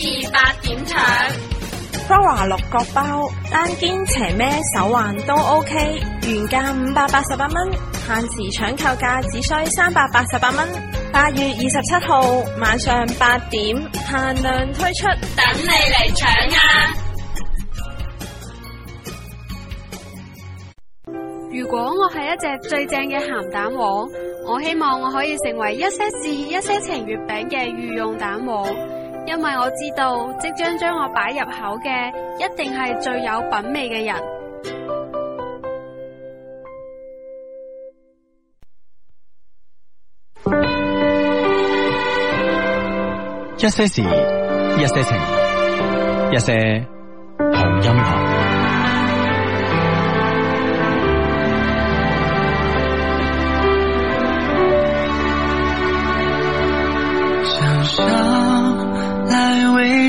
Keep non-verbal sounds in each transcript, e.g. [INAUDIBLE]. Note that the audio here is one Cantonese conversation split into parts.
二百點搶 Flower 六角包，單肩斜孭手環都 OK，原價五百八十八蚊，限時搶購價只需三百八十八蚊，八月二十七號晚上八點限量推出，等你嚟搶呀！如果我係一隻最正嘅鹹蛋黃，我希望我可以成為一些事、一些情月餅嘅御用蛋黃。因為我知道，即將將我擺入口嘅，一定係最有品味嘅人。一些事，一些情，一些同音字。音樂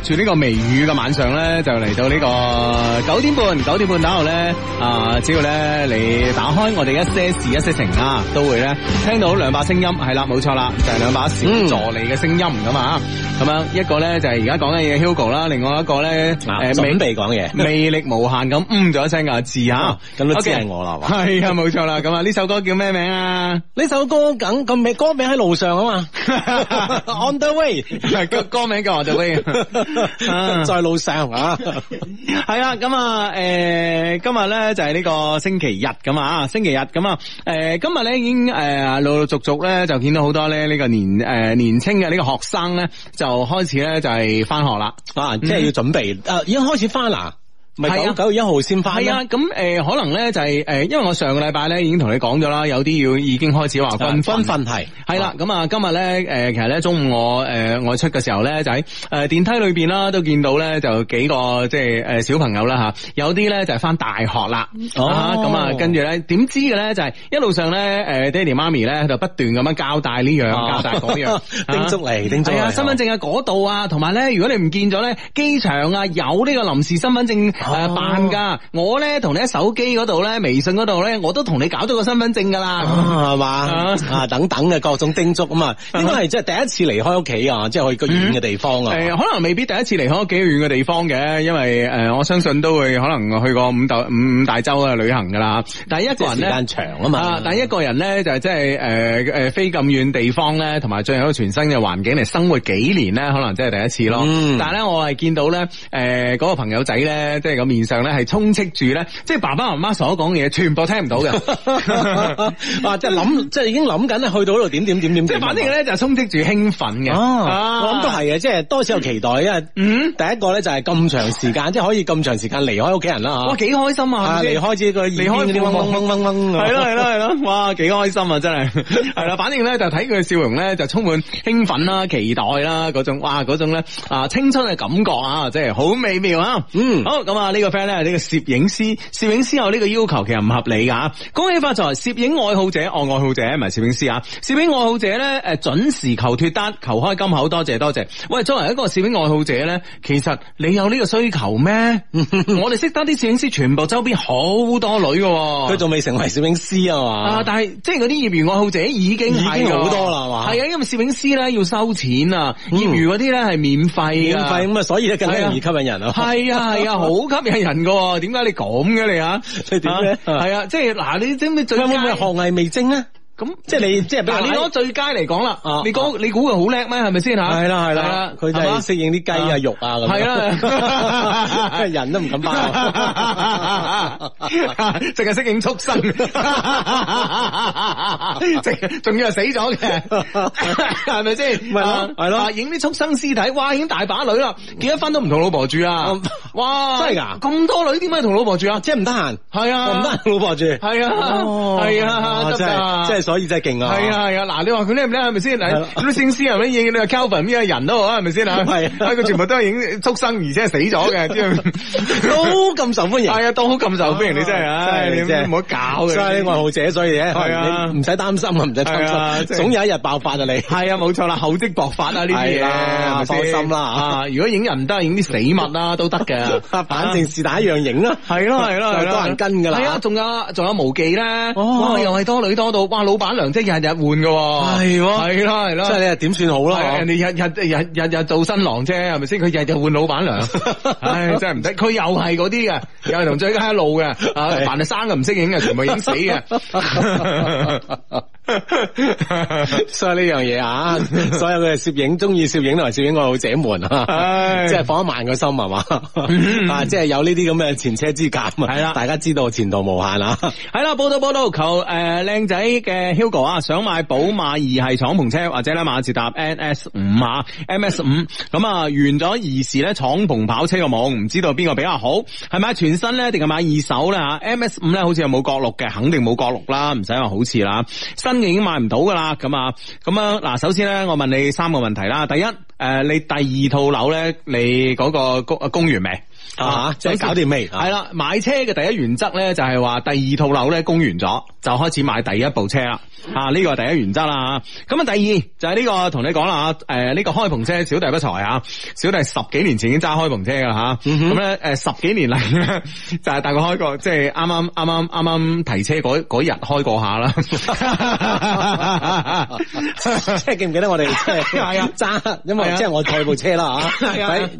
住呢個微雨嘅晚上咧，就嚟到呢個九點半，九點半打後咧，啊、呃、只要咧你打開我哋一些事一些情啊，都會咧聽到兩把聲音，係啦，冇錯啦，就係、是、兩把小助理嘅聲音咁啊。嗯咁樣一個咧就係而家講緊嘢 Hugo 啦，另外一個咧誒準備講嘢，魅力無限咁嗯咗一聲嘅字嚇，咁都知係我啦，係啊，冇錯啦。咁啊，呢首歌叫咩名啊？呢首歌梗個名歌名喺路上啊嘛，On the way，歌歌名叫 On the way，在路上啊。係啊，咁啊誒，今日咧就係呢個星期日咁啊，星期日咁啊，誒今日咧已經誒陸陸續續咧就見到好多咧呢個年誒年輕嘅呢個學生咧就。就開始咧就係翻學啦，啊，即係要準備，誒、嗯，已經、啊、開始翻啦。係啊，九月一號先翻。係啊，咁誒，可能咧就係誒，因為我上個禮拜咧已經同你講咗啦，有啲要已經開始話分分分係，係啦，咁啊，今日咧誒，其實咧中午我誒外出嘅時候咧，就喺誒電梯裏邊啦，都見到咧就幾個即係誒小朋友啦吓，有啲咧就係翻大學啦，吓咁啊，跟住咧點知嘅咧就係一路上咧誒，爹哋媽咪咧就不斷咁樣交帶呢樣交帶嗰樣，叮囑嚟叮囑係啊，身份證喺嗰度啊，同埋咧如果你唔見咗咧，機場啊有呢個臨時身份證。係啊，辦噶！哦、我咧同你喺手機嗰度咧，微信嗰度咧，我都同你搞到個身份證噶啦，係嘛啊，啊，啊等等嘅各種叮囑啊嘛。應該係即係第一次離開屋企啊，即係、嗯、去個遠嘅地方啊、呃。可能未必第一次離開屋企遠嘅地方嘅，因為誒、呃，我相信都會可能去過五大五五大洲嘅旅行噶啦。但係一個人咧，是長啊嘛。呃、但係一個人咧，就係即係誒誒，飛咁遠地方咧，同埋進入全新嘅環境嚟生活幾年咧，可能真係第一次咯。嗯、但係咧，我係見到咧，誒、呃、嗰、那個朋友仔咧。即係個面上咧，係充斥住咧，即、就、係、是、爸爸媽媽所講嘅嘢，全部聽唔到嘅。啊， [LAUGHS] 即係諗，即係已經諗緊去到度點點點點點。即係反正咧，就是、充斥住興奮嘅。我諗都係嘅，即係多少有期待，嗯，第一個咧就係咁長時間，即係、嗯、可以咁長時間離開屋企人啦。哇，幾開心啊！離、啊、開呢個離開係咯係咯係咯哇，幾開心啊！真係係啦，反正咧就睇佢嘅笑容咧，就充滿興奮啦、啊、期待啦、啊、嗰種，哇，嗰種咧啊，青春嘅感覺啊，即係好美妙啊。嗯，好咁。啊呢、呢個 friend 咧呢個攝影師，攝影師有呢個要求，其實唔合理噶。恭喜發財，攝影愛好者哦，愛好者唔係攝影師啊。攝影愛好者咧誒，準時求脫單，求開金口，多謝多謝。喂，作為一個攝影愛好者咧，其實你有呢個需求咩？ [LAUGHS] 我哋識得啲攝影師，全部周邊好多女嘅，佢仲未成為攝影師啊嘛。但係即係嗰啲業餘愛好者已經係已經好多啦嘛。係啊，因為攝影師咧要收錢啊，業餘嗰啲咧係免費、嗯，免費咁啊，所以咧更加容易吸引人咯。係啊，係 [LAUGHS] 啊，好、啊。 [LAUGHS] 吸引人噶，點解你咁嘅你啊？即係點咧？係啊，即係嗱，你整啲最加有學藝未精啊？咁即係你即係嗱，你攞最佳嚟講啦，你講，你估佢好叻咩？係咪先吓？係啦係啦，佢就係適應啲雞啊肉啊咁。係啦，人都唔敢拍，淨係適應畜生，仲要係死咗嘅，係咪先？係咯，係啦，影啲畜生屍體，哇，已經大把女啦，結咗婚都唔同老婆住啊！哇，真係噶，咁多女點解同老婆住啊？即係唔得閒，係啊，唔得閒老婆住，係啊，係啊，真係真係。所以真係勁啊！係啊，係啊！嗱，你話佢叻唔叻係咪先？咁啲聖師啊乜嘢？你話 Calvin 咩人都好係咪先啊？係佢全部都係影畜生，而且係死咗嘅，都咁受歡迎。係啊，都好咁受歡迎，你真係唉，你真係唔好搞嘅。所以愛好者所以嘅，啊，唔使擔心，唔使擔心，總有一日爆發啊你。係啊，冇錯啦，厚積薄發啊，呢啲嘢放心啦。如果影人唔得，影啲死物啦都得嘅，反正是但一樣影啦。係咯係咯，多人跟㗎啦。係啊，仲有仲有無忌啦！哇，又係多女多到哇老闆娘即係日日換嘅，哦啊，係係啦係啦，即係、啊啊、你又點算好啦、啊？你日、啊、日日日日做新郎啫，係咪先？佢日日換老闆娘， [LAUGHS] 唉，真係唔得。佢又係嗰啲嘅，又係同最佳一路嘅。是的 凡係生嘅唔識影嘅，全部影死嘅。 [LAUGHS] [LAUGHS] [LAUGHS] 所以呢樣嘢啊，所有嘅攝影中意攝影同埋攝影愛好者們啊，很唉即係放了慢個心係嘛，啊，嗯嗯即係有呢啲咁嘅前車之鑒啊。係啦了，大家知道前途無限啊。係啦，報道報道求誒，靚、呃、仔嘅 Hugo 啊，想買寶馬二係敞篷車或者咧馬自達 n S 五啊，M S 五咁啊，完咗兒時咧，敞篷跑車個夢，唔知道邊個比較好，係買全新咧定係買二手咧吓？M S 五咧好似有冇國六嘅，肯定冇國六啦，唔使話好似啦，新。已經買唔到噶啦，咁啊，咁啊，嗱，首先咧，我問你三個問題啦。第一，誒，你第二套樓咧，你嗰個公啊，供完未？啊！再、就是、搞掂未？係啦，買車嘅第一原則咧就係話，第二套樓咧供完咗就開始買第一部車啦。啊，呢個係第一原則啦。咁啊，第二就係、是、呢、這個同你講啦。誒、啊，呢、這個開篷車小弟不才啊，小弟十幾年前已經揸開，開篷車噶吓。咁、啊、咧，誒、嗯哼嗯，十幾年嚟就係、是、大概開過，即係啱啱啱啱啱啱提車嗰日開過下啦。 [LAUGHS] [LAUGHS] 即係記唔記得我哋係啊揸，因為即係我坐部車啦吓，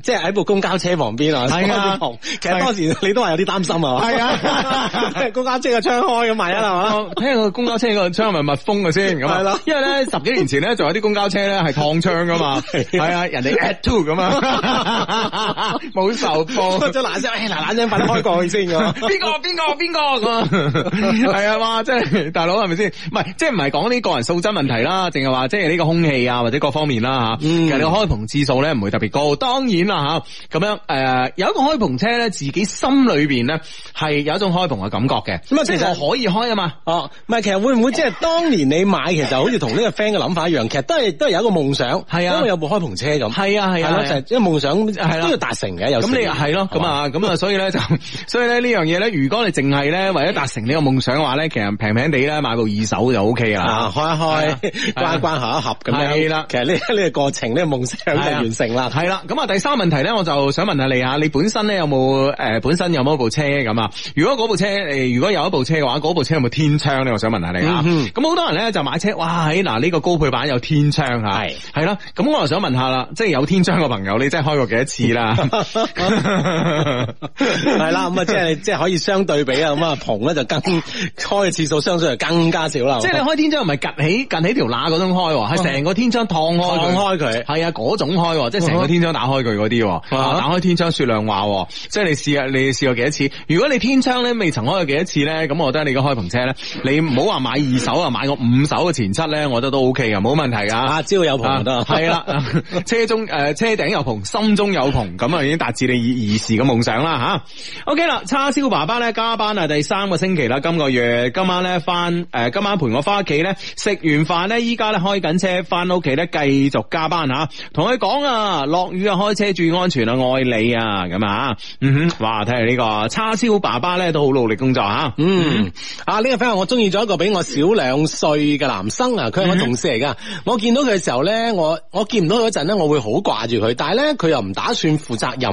即係喺部公交車旁邊啊，係啊，其實當時你都話有啲擔心啊，係啊，公交車個窗開咁萬啊？係係嘛？聽個公交車個窗咪密封嘅先咁，係因為咧十幾年前咧仲有啲公交車咧係燙窗噶嘛，係啊，人哋 at two 咁啊，冇受放即係冷聲，誒嗱，冷聲開過去先個，邊個邊個邊個啊，係啊嘛，即係大佬係咪先？唔係，即係唔係講呢個人素質。問題啦，淨係話即係呢個空氣啊，或者各方面啦吓，其實你個開篷次數咧唔會特別高。當然啦吓，咁樣誒有一個開篷車咧，自己心裏邊咧係有一種開篷嘅感覺嘅。咁啊，即係可以開啊嘛。哦，唔係，其實會唔會即係當年你買，其實好似同呢個 friend 嘅諗法一樣，其實都係都係有一個夢想，係啊，因為有部開篷車咁，係啊係啊，係咯，就一個夢想係都要達成嘅。咁你係咯，咁啊咁啊，所以咧就，所以咧呢樣嘢咧，如果你淨係咧為咗達成呢個夢想嘅話咧，其實平平地咧買部二手就 O K 啦，開一開。啊、 [LAUGHS] 關一關關，合一合咁樣。啦、啊，其實呢呢個過程，呢、這個夢想就完成啦。係啦、啊，咁啊第三問題咧，我就想問下你呀。你本身咧有冇誒本身有冇一部車咁啊？如果嗰部車誒，如果有一部車嘅話，嗰部車有冇天窗咧？我想問下你啊。咁好、嗯、哼多人咧就買車，哇喺嗱呢個高配版有天窗吓，係啦。咁我又想問下啦，即係有天窗嘅朋友，你即係開過幾多次啦？係啦、 [LAUGHS] [LAUGHS] 啊，咁啊即係即係可以相對比啊。咁啊鵬咧就更開嘅次數相對就更加少啦。即係你開天窗唔係隔起？近起條罅嗰種開，係成個天窗燙開，燙開佢，係啊嗰種開，即係成個天窗打開佢嗰啲，打開天窗說亮話，即係你試下，你試過幾多次？如果你天窗咧未曾開過幾多次咧，咁我覺得你而家開篷車咧，你唔好話買二手啊，買個五手嘅前七咧，我覺得都 O K 嘅，冇問題噶，朝有篷就得，係啦， [LAUGHS] 車中誒車頂有篷，心中有篷，咁啊已經達至你兒時嘅夢想啦吓。O K 啦，叉燒爸爸咧加班啊，第三個星期啦，今個月今晚咧翻，誒今晚陪我翻屋企咧，食完。完飯呢，依家咧開緊車翻屋企咧，繼續加班吓。同佢講啊，落雨啊，開車注意安全啊，愛你啊，咁啊，嗯哼，哇，睇嚟，呢個叉燒爸爸咧都好努力工作吓，嗯，啊呢、啊、個朋友我中意咗一個比我小兩歲嘅男生啊，佢係我同事嚟噶，我見到佢嘅時候咧，我我見唔到佢嗰陣咧，我會好掛住佢，但係咧佢又唔打算負責任，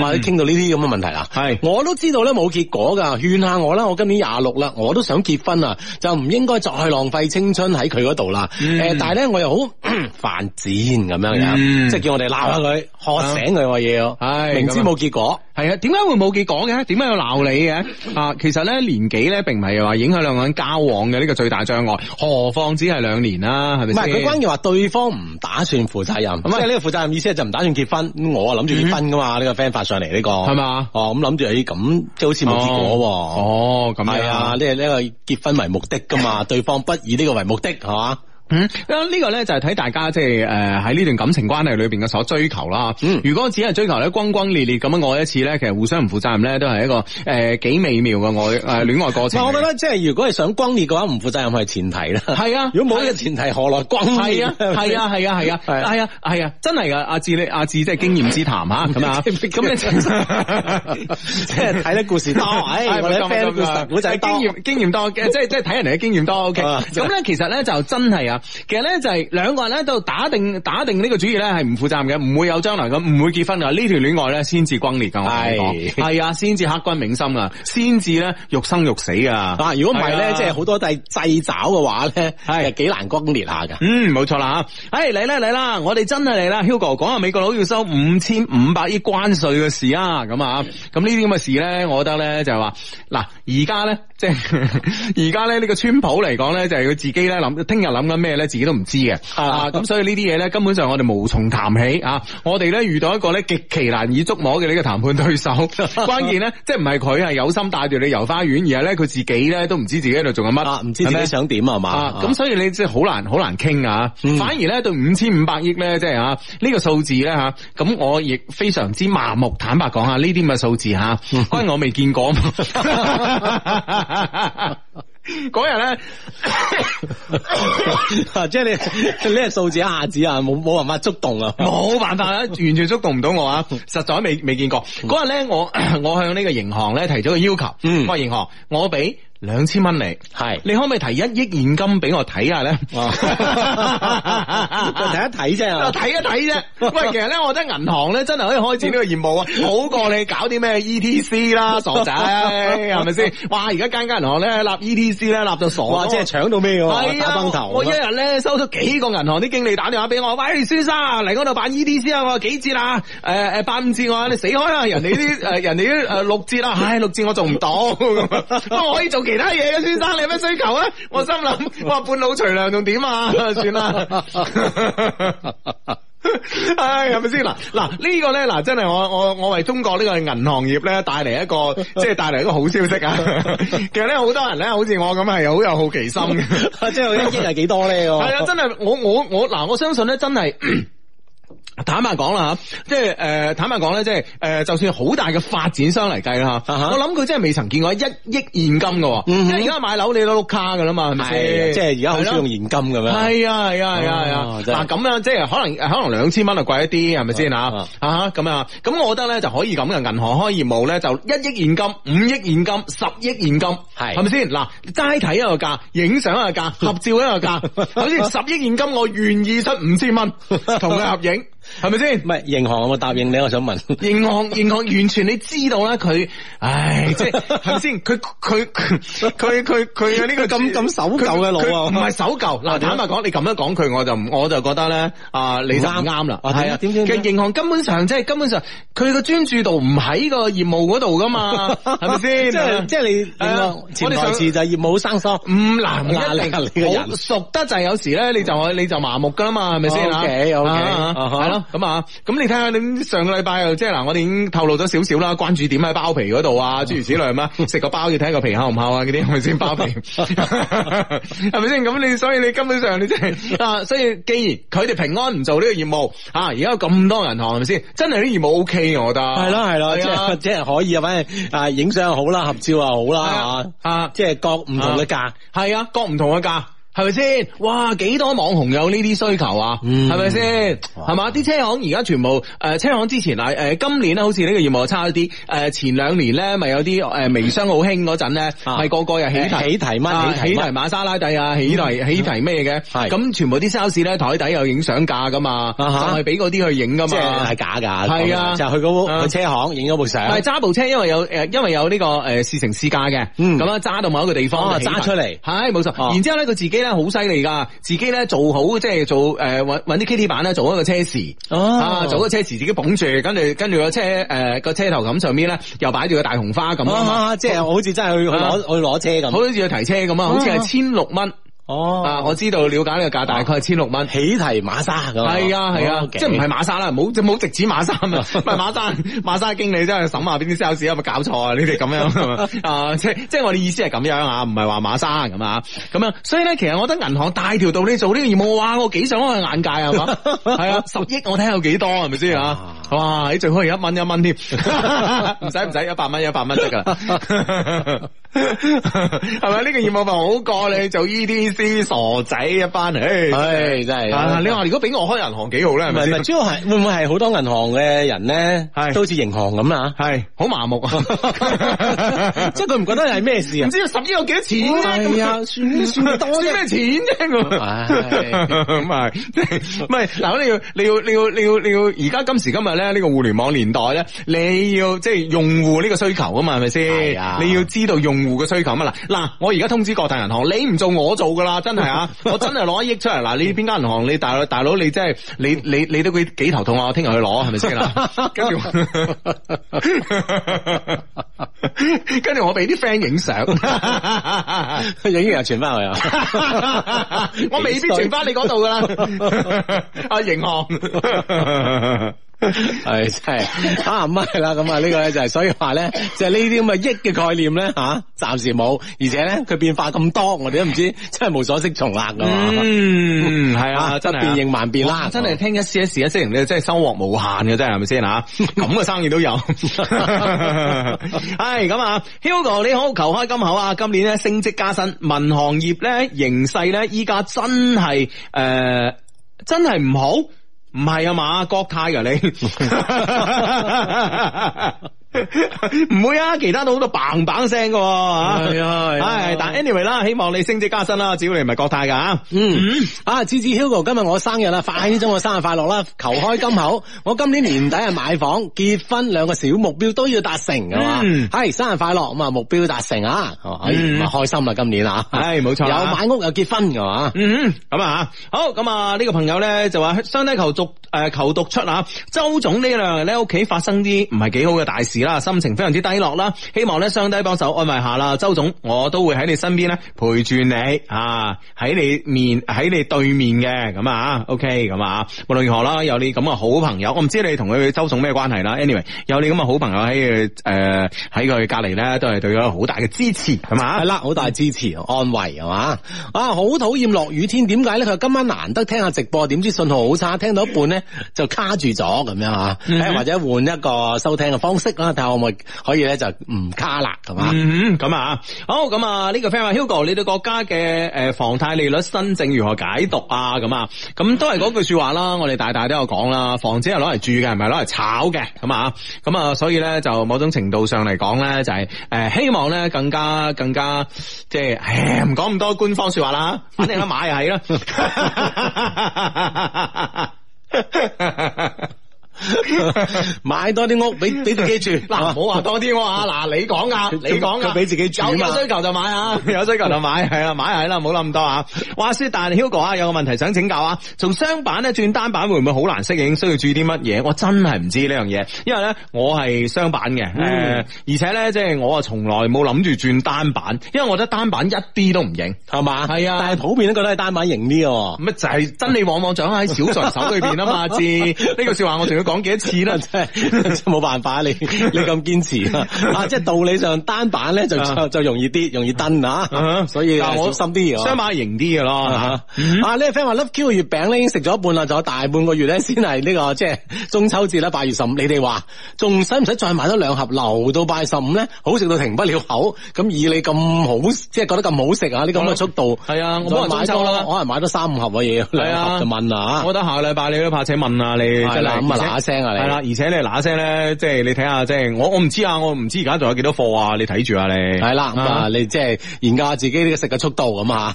哇，傾、嗯、到呢啲咁嘅問題啦，係，我都知道咧冇結果噶，勸下我啦，我今年廿六啦，我都想結婚啊，就唔應該再去浪費青春。喺佢嗰度啦，誒，但係咧我又好犯賤咁樣樣，即係叫我哋鬧下佢，喝醒佢我要，明知冇結果，係啊，點解會冇結果嘅？點解要鬧你嘅？啊，其實咧年紀咧並唔係話影響兩個人交往嘅呢個最大障礙，何況只係兩年啦，係咪唔係，佢關鍵話對方唔打算負責任，即係呢個負責任意思就唔打算結婚，我啊諗住結婚噶嘛，呢個 friend 發上嚟呢個係嘛？哦，咁諗住係咁，即係好似冇結果，哦，咁係啊，係呢個結婚為目的噶嘛，對方不以呢個。為目的，嚇。嗯，咁呢個咧，就係睇大家即係誒喺呢段感情關係裏邊嘅所追求啦。如果只係追求咧轟轟烈烈咁樣愛一次咧，其實互相唔負責任咧都係一個誒幾美妙嘅愛誒戀愛過程。我覺得即係如果係想轟烈嘅話，唔負責任係前提啦。係啊，如果冇呢個前提，何來轟烈？係啊，係啊，係啊，係啊，係啊，係啊，真係噶，阿志你阿志即係經驗之談吓咁啊。咁你即係睇呢故事多，係多，經驗經驗多嘅，即係即係睇人哋嘅經驗多。O K，咁咧其實咧就真係啊。其實咧就係兩個人咧都打定打定呢個主意咧係唔負責任嘅，唔會有將來咁唔會結婚噶，呢條戀愛咧先至轟烈噶，係係是、哎、啊，先至刻骨銘心噶，先至咧欲生欲死噶。啊，如果唔係咧，即係好多制制爪嘅話咧，係幾是難轟烈下噶。嗯，冇錯啦。哎，嚟啦嚟啦，我哋真係嚟啦。Hugo 講下美國佬要收五千五百億關稅嘅事啊。咁啊，咁呢啲咁嘅事咧，我覺得咧就係話嗱，而家咧即係而家咧呢、這個川普嚟講咧就係、是、佢自己咧諗聽日諗緊咩？嘅咧，自己都唔知嘅，咁、啊、所以呢啲嘢咧，根本上我哋無從談起啊！我哋咧遇到一個咧極其難以捉摸嘅呢個談判對手，關鍵咧，即係唔係佢係有心帶住你遊花園，而係咧佢自己咧都唔知自己喺度做緊乜，唔、啊、知自己想點嗎啊嘛！咁所以你即係好難好難傾啊！反而咧對五千五百億咧，即係啊呢個數字咧吓，咁我亦非常之麻木。坦白講下呢啲咁嘅數字吓，關我未見過。 [LAUGHS] [LAUGHS] 嗰日咧，呢 [LAUGHS] 即係你呢個數字一下子啊，冇冇辦法觸動啊，冇辦法啊， [LAUGHS] 完全觸動唔到我啊，實在未未見過。嗰日咧，我我向呢個銀行咧提咗個要求，嗯，我話銀行，我俾，兩千蚊嚟，係你可唔可以提一億現金俾我睇下咧？哦，睇一睇啫，睇一睇啫。喂，其實咧，我覺得銀行咧真係可以開展呢個業務啊，好過你搞啲咩 E T C 啦，傻仔係咪先？哇！而家間間銀行咧立 E T C 啦，立到傻，啊，即係搶到咩嘅？打崩頭！我一日咧收咗幾個銀行啲經理打電話俾我，喂，先生嚟我度辦 E T C 啊！我幾折啊？誒誒，八五折我話你死開啊！人哋啲誒人哋啲誒六折啦，唉六折我做唔到，我可以做。其他嘢嘅先生，你有咩需求呢、啊？我心諗，我話半老徐良仲點啊，啊？算啦，唉、 [LAUGHS] 哎，係咪先嗱嗱？呢、啊這個咧嗱、啊，真係我我我為中國呢個銀行業咧帶嚟一個即係帶嚟一個好消息啊！ [LAUGHS] 其實咧，好多人咧，好似我咁係好有好奇心嘅，即係、啊、一億係幾多呢？係 [LAUGHS] 啊，真係我我我嗱、啊，我相信咧，真、嗯、係。坦白講啦即係誒，坦白講咧，即係誒，就算好大嘅發展商嚟計啦吓，我諗佢真係未曾見過一億現金嘅。而家買樓你都碌卡噶啦嘛，係咪先？即係而家好少用現金咁樣。係啊係啊係啊，嗱咁樣即係可能可能兩千蚊就貴一啲，係咪先吓？吓咁啊，咁我覺得咧就可以咁嘅，銀行開業務咧就一億現金、五億現金、十億現金，係係咪先？嗱，齋睇一個價，影相一個價，合照一個價，好似十億現金我願意出五千蚊同佢合影。係咪先？唔係銀行，有冇答應你。我想問，銀行，銀行完全你知道啦。佢，唉，即係係咪先？佢佢佢佢佢佢呢個咁咁守舊嘅路啊？唔係守舊嗱，坦白講，你咁樣講佢，我就我就覺得咧，啊，你就啱啦，係啊，點點其實銀行根本上即係根本上，佢個專注度唔喺個業務嗰度噶嘛，係咪先？即係即係你，我我哋上次就係業務生疏，唔難壓力，你嘅人熟得就係有時咧，你就你就麻木噶啦嘛，係咪先咁啊，咁你睇下你上個禮拜啊即係嗱，我哋已經透露咗少少啦，關注點喺包皮嗰度啊，諸如此類咩？食個包要睇個皮厚唔厚啊，嗰啲係咪先？包皮係咪先？咁你 [LAUGHS] [LAUGHS] 所以你根本上你即係啊，所以既然佢哋平安唔做呢個業務啊，而家咁多銀行係咪先？真係啲業務 O K，我覺得係咯係咯，即係即係可以，反正啊影相又好啦，合照又好啦的啊，即係各唔同嘅價，係啊，各唔同嘅價。係咪先？哇，幾多網紅有呢啲需求啊？係咪先？係嘛？啲車行而家全部誒，車行之前誒，今年咧好似呢個業務差一啲。誒，前兩年咧咪有啲誒微商好興嗰陣咧，係個個又起提起提乜？起提瑪莎拉蒂啊，起提起提咩嘅？咁全部啲 sales 咧台底有影相架噶嘛，就係俾嗰啲去影噶嘛。即係假噶，係啊，就去嗰個車行影咗部相。但係揸部車，因為有誒，因為有呢個誒試乘試駕嘅，咁樣揸到某一個地方揸出嚟，係冇錯。然之後咧佢自己。好犀利噶，自己咧做好即係做誒，搵、搵、啲 K T 板咧做一個車匙，哦、啊，做個車匙自己捧住，跟住跟住個車誒個、呃、車頭咁上面咧又擺住個大紅花咁、哦、啊，即係好似真係去、啊、去攞去攞車咁，好似要提車咁啊，好似係千六蚊。哦，啊，我知道了解呢個價，大概千六蚊，起提馬莎咁。係啊，係啊，okay、即係唔係馬莎啦，冇就冇直指馬莎啊，唔係馬莎， [LAUGHS] 馬莎經理真係審下邊啲 sales 有冇搞錯啊，你哋咁樣啊， [LAUGHS] 即係即係我哋意思係咁樣啊，唔係話馬莎咁啊，咁樣，所以咧，其實我覺得銀行大條道理做呢個業務啊，我幾想開眼界係嘛？係啊，十億 [LAUGHS] 我睇下有幾多係咪先啊， [LAUGHS] 哇，你最好係一蚊一蚊添，唔使，唔使一百蚊一百蚊得噶，係咪？呢、 [LAUGHS] 這個業務份好過你做呢啲。啲傻仔一班，唉唉，真係你話如果俾我開銀行幾好咧？唔係唔係主要係會唔會係好多銀行嘅人咧，係都好似銀行咁啊，係好麻木，即係佢唔覺得係咩事啊？唔知十億有幾多錢啫？啊，算算多，知咩錢啫？咁係，唔係嗱，你要你要你要你要你要而家今時今日咧呢個互聯網年代咧，你要即係用戶呢個需求啊嘛，係咪先？你要知道用戶嘅需求啊，嗱嗱，我而家通知各大銀行，你唔做我做噶啦。啊！真係啊，我真係攞一億出嚟，嗱，你邊間銀行？你大佬大佬，你真係你你你，你都幾幾頭痛啊！我聽日去攞係咪先啦？跟住，跟住 [LAUGHS] 我俾啲 friend 影相，影 [LAUGHS] [LAUGHS] 完又傳翻去， [LAUGHS] [LAUGHS] 我未必傳翻你嗰度噶啦，阿銀、 [LAUGHS] 啊、行。 [LAUGHS] 係 [LAUGHS] 真係啊，唔係啦，咁啊呢個咧就係、是，所以話咧，就係呢啲咁嘅億嘅概念咧吓，暫、啊、時冇，而且咧佢變化咁多，我哋都唔知，真係無所適從、嗯、啊！嗯，係啊，真係變應萬變啦，真係聽一時一時一時，你真係收穫無限嘅，真係係咪先吓？咁嘅 [LAUGHS] 生意都有、啊，係咁啊，Hugo 你好，求開金口啊！今年咧升職加薪，民航業咧形勢咧依家真係誒、呃、真係唔好。唔係啊嘛，國泰啊你。唔 [LAUGHS] 會啊，其他都好多棒棒聲㗎喎、啊。係 [LAUGHS] 但 anyway 啦，希望你升職加薪啦、啊，只要你唔係國泰㗎、啊。吓，嗯，嗯啊，芝芝 Hugo，今日我生日啦， [LAUGHS] 快啲祝我生日快樂啦，求開金口，我今年年底係買房 [LAUGHS] 結婚兩個小目標都要達成，㗎嘛、嗯，係生日快樂，咁啊目標達成啊，可以、嗯哎、開心啦、啊、今年啊，係冇錯，錯啊、有買屋有結婚㗎嘛、嗯，嗯咁啊好，咁啊呢個朋友咧就話相低求讀誒求讀出啊，周總呢兩日咧屋企發生啲唔係幾好嘅大事啦、啊。啊，心情非常之低落啦，希望咧上帝幫手安慰下啦，周總我都會喺你身邊咧，陪住你啊，喺你面喺你對面嘅咁啊，OK 咁啊，無論如何啦，有你咁啊好朋友，我唔知你同佢周總咩關係啦，Anyway，有你咁啊好朋友喺誒喺佢隔籬咧，呃、都係對佢好大嘅支持係嘛，係啦，好大支持安慰係嘛，啊好討厭落雨天，點解咧？佢話今晚難得聽下直播，點知信號好差，聽到一半咧就卡住咗咁樣啊，嗯、或者換一個收聽嘅方式啊。但係我咪可，可以咧就唔卡辣咁啊？咁、嗯、啊，好咁啊，呢個 friend 話 Hugo，你對國家嘅誒房貸利率新政如何解讀啊？咁啊，咁都係嗰句說話啦。我哋大大都有講啦，房子係攞嚟住嘅，唔係攞嚟炒嘅。咁啊，咁啊，所以咧就某種程度上嚟講咧，就係、是、誒希望咧更加更加即係唔講咁多官方說話啦，反正一買係啦。 [LAUGHS] [LAUGHS] [LAUGHS] 買多啲屋，俾俾自己住嗱，唔好話多啲啊嗱，你講啊，你講噶、啊，俾自己有需求就買啊，有需求就買係啊，買係啦，唔好諗咁多啊。話說，但 Hugo 啊，有個問題想請教啊，從雙板咧轉單板會唔會好難適應？需要注意啲乜嘢？我真係唔知呢樣嘢，因為咧我係雙板嘅，嗯、而且咧即係我啊從來冇諗住轉單板，因為我覺得單板一啲都唔型，係嘛吧？係啊，但係普遍都覺得係單板型啲，咁啊就係、是、真理往往掌握喺少數人手裏邊啊嘛，知呢 [LAUGHS] 句說話我仲要。講幾多次啦，真係冇辦法你你咁堅持啊，即係道理上單板咧就就容易啲，容易登啊，所以小心啲嘢。雙板型啲嘅咯，啊呢個 friend 話 love Q 嘅月餅咧已經食咗一半啦，仲有大半個月咧先係呢個即係中秋節啦，八月十五。你哋話仲使唔使再買多兩盒留到八月十五咧？好食到停不了口，咁以你咁好，即係覺得咁好食啊！呢咁嘅速度係啊，我買多啦，我可能買多三五盒嘢，兩盒就問啦。我覺得下個禮拜你都怕，請問啊，你即係咁啊嗱。聲啊！係啦，而且你嗱聲咧，即係你睇下，即係我我唔知啊，我唔知而家仲有幾多貨啊！你睇住啊，你係啦，咁啊，你即係研究下自己呢個食嘅速度咁啊，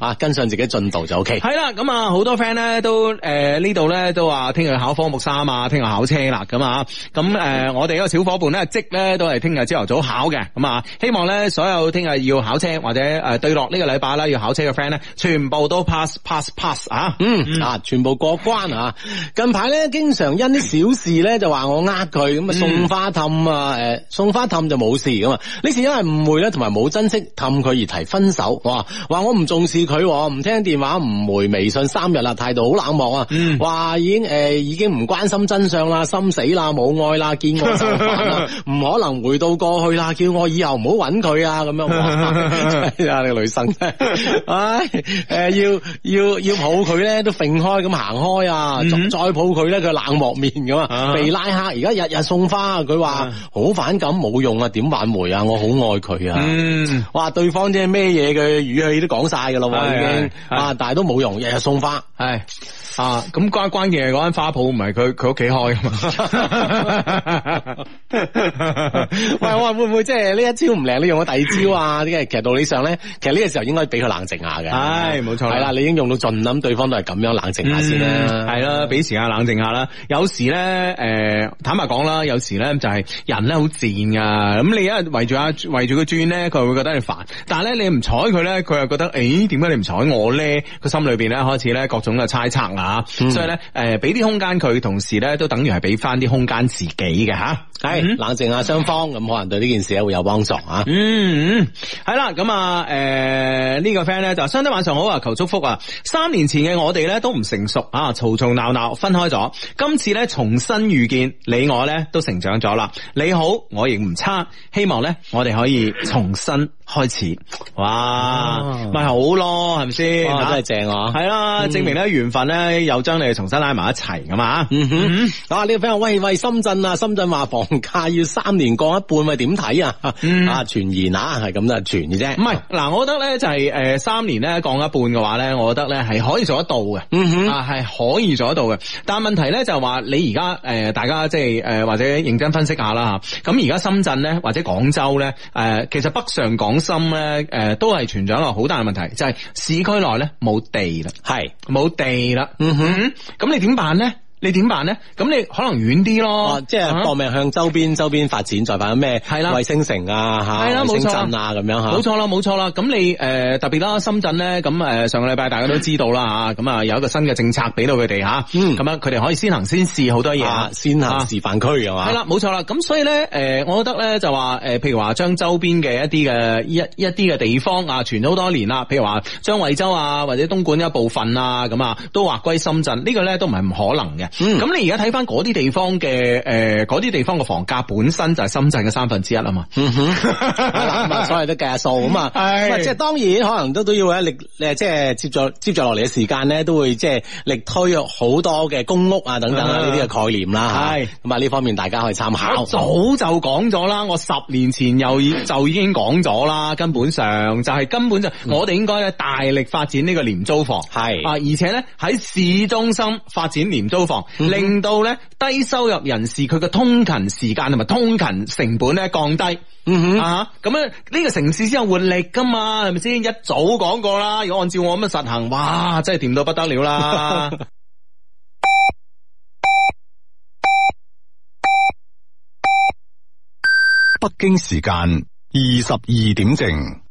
啊跟上自己進度就 OK。係啦，咁啊好多 friend 咧都誒呢度咧都話聽日考科目三啊，聽日考車啦咁啊，咁誒我哋個小伙伴咧即咧都係聽日朝頭早考嘅，咁啊希望咧所有聽日要考車或者誒對落呢個禮拜啦要考車嘅 friend 咧，全部都 pass pass pass 啊，嗯啊全部過關啊！近排咧經常因呢。小事咧就話我呃佢，咁啊送花氹啊，誒送花氹就冇事咁啊，呢次因為誤會咧，同埋冇珍惜氹佢而提分手，哇，話我唔重視佢，唔聽電話，唔回微信三日啦，態度好冷漠啊，話已經誒已經唔關心真相啦，心死啦，冇愛啦，見我就返啦，唔可能回到過去啦，叫我以後唔好揾佢啊，咁樣，啊你個女生，啊誒要要要抱佢咧都揈開咁行開啊，再抱佢咧佢冷漠面。咁啊，被拉黑，而家日日送花，佢話啊，佢話好反感，冇用啊，點挽回啊，我好愛佢啊，嗯，哇，對方即係咩嘢，嘅語氣都講晒噶啦，已經，啊，但係都冇用，日日送花，係。啊，咁關關鍵係嗰間花圃唔係佢佢屋企開噶嘛？ [LAUGHS] 喂，我話會唔會即係呢一招唔靈，你用咗第二招啊？呢嘢 [COUGHS] 其實道理上咧，其實呢個時候應該俾佢冷靜下嘅。唉，冇錯。係啦，你已經用到盡，諗對方都係咁樣冷靜下先、嗯、啦。係啦，俾時間冷靜下啦。有時咧，誒，坦白講啦，有時咧就係、是、人咧好賤噶。咁你一圍住阿圍住個轉咧，佢會覺得你煩。但係咧，你唔睬佢咧，佢又覺得誒，點解你唔睬我咧？個心裏邊咧開始咧各種嘅猜測啊啊，嗯、所以咧，誒，俾啲空間佢，同時咧都等於係俾翻啲空間自己嘅吓，係冷靜下雙方咁，可能對呢件事咧會有幫助啊、嗯。嗯、係、嗯、啦，咁啊，誒，呢、呃這個 friend 咧就，相對晚上好啊，求祝福啊。三年前嘅我哋咧都唔成熟啊，嘈嘈鬧鬧分開咗，今次咧重新遇見你我咧都成長咗啦。你好，我亦唔差，希望咧我哋可以重新開始。哇，咪哇好咯，係咪先？真係正啊！係啦了，嗯、證明咧緣分咧。又將你哋重新拉埋一齊㗎嘛？嗯、哼啊呢個朋友喂喂，深圳啊，深圳話房價要三年降一半，咪點睇啊？嗯、啊傳言啊，係咁、嗯、啦，傳嘅啫。唔係嗱，我覺得咧就係、是、誒、呃、三年咧降一半嘅話咧，我覺得咧係可以做得到嘅。嗯係哼、啊、可以做得到嘅。但係問題咧就係話你而家誒大家即係誒或者認真分析下啦吓。咁而家深圳咧或者廣州咧誒、呃、其實北上廣深咧誒、呃、都係存在一個好大嘅問題，就係、是、市區內咧冇地啦，係冇是地啦。嗯哼，咁你點辦咧？你點辦呢？咁你可能遠啲咯，即係搏命向周邊周邊發展，再揾咩？係啦，衛星城啊，嚇，衛星鎮啊，咁樣嚇。冇錯啦，冇錯啦。咁你誒特別啦，深圳咧，咁誒上個禮拜大家都知道啦嚇，咁啊有一個新嘅政策俾到佢哋嚇，咁樣佢哋可以先行先試好多嘢，先行示範區係嘛？係啦，冇錯啦。咁所以咧誒，我覺得咧就話誒，譬如話將周邊嘅一啲嘅一一啲嘅地方啊，傳咗好多年啦，譬如話將惠州啊或者東莞一部分啊咁啊，都劃歸深圳，呢個咧都唔係唔可能嘅。嗯，咁你而家睇翻嗰啲地方嘅誒，嗰啲地方嘅房價本身就係深圳嘅三分之一啊嘛，所謂都計數咁啊，係，咁即係當然可能都都要力誒，即係接咗接續落嚟嘅時間咧，都會即係力推好多嘅公屋啊，等等啊，呢啲嘅概念啦，係，咁啊，呢方面大家可以參考。早就講咗啦，我十年前又已就已經講咗啦，根本上就係根本就我哋應該咧大力發展呢個廉租房，係啊，而且咧喺市中心發展廉租房。令到咧低收入人士佢嘅通勤時間同埋通勤成本咧降低，嗯、哼啊咁呢個城市先有活力噶嘛，係咪先？一早講過啦，如果按照我咁樣實行，哇，真係掂到不得了啦！ [LAUGHS] 北京時間二十二點正。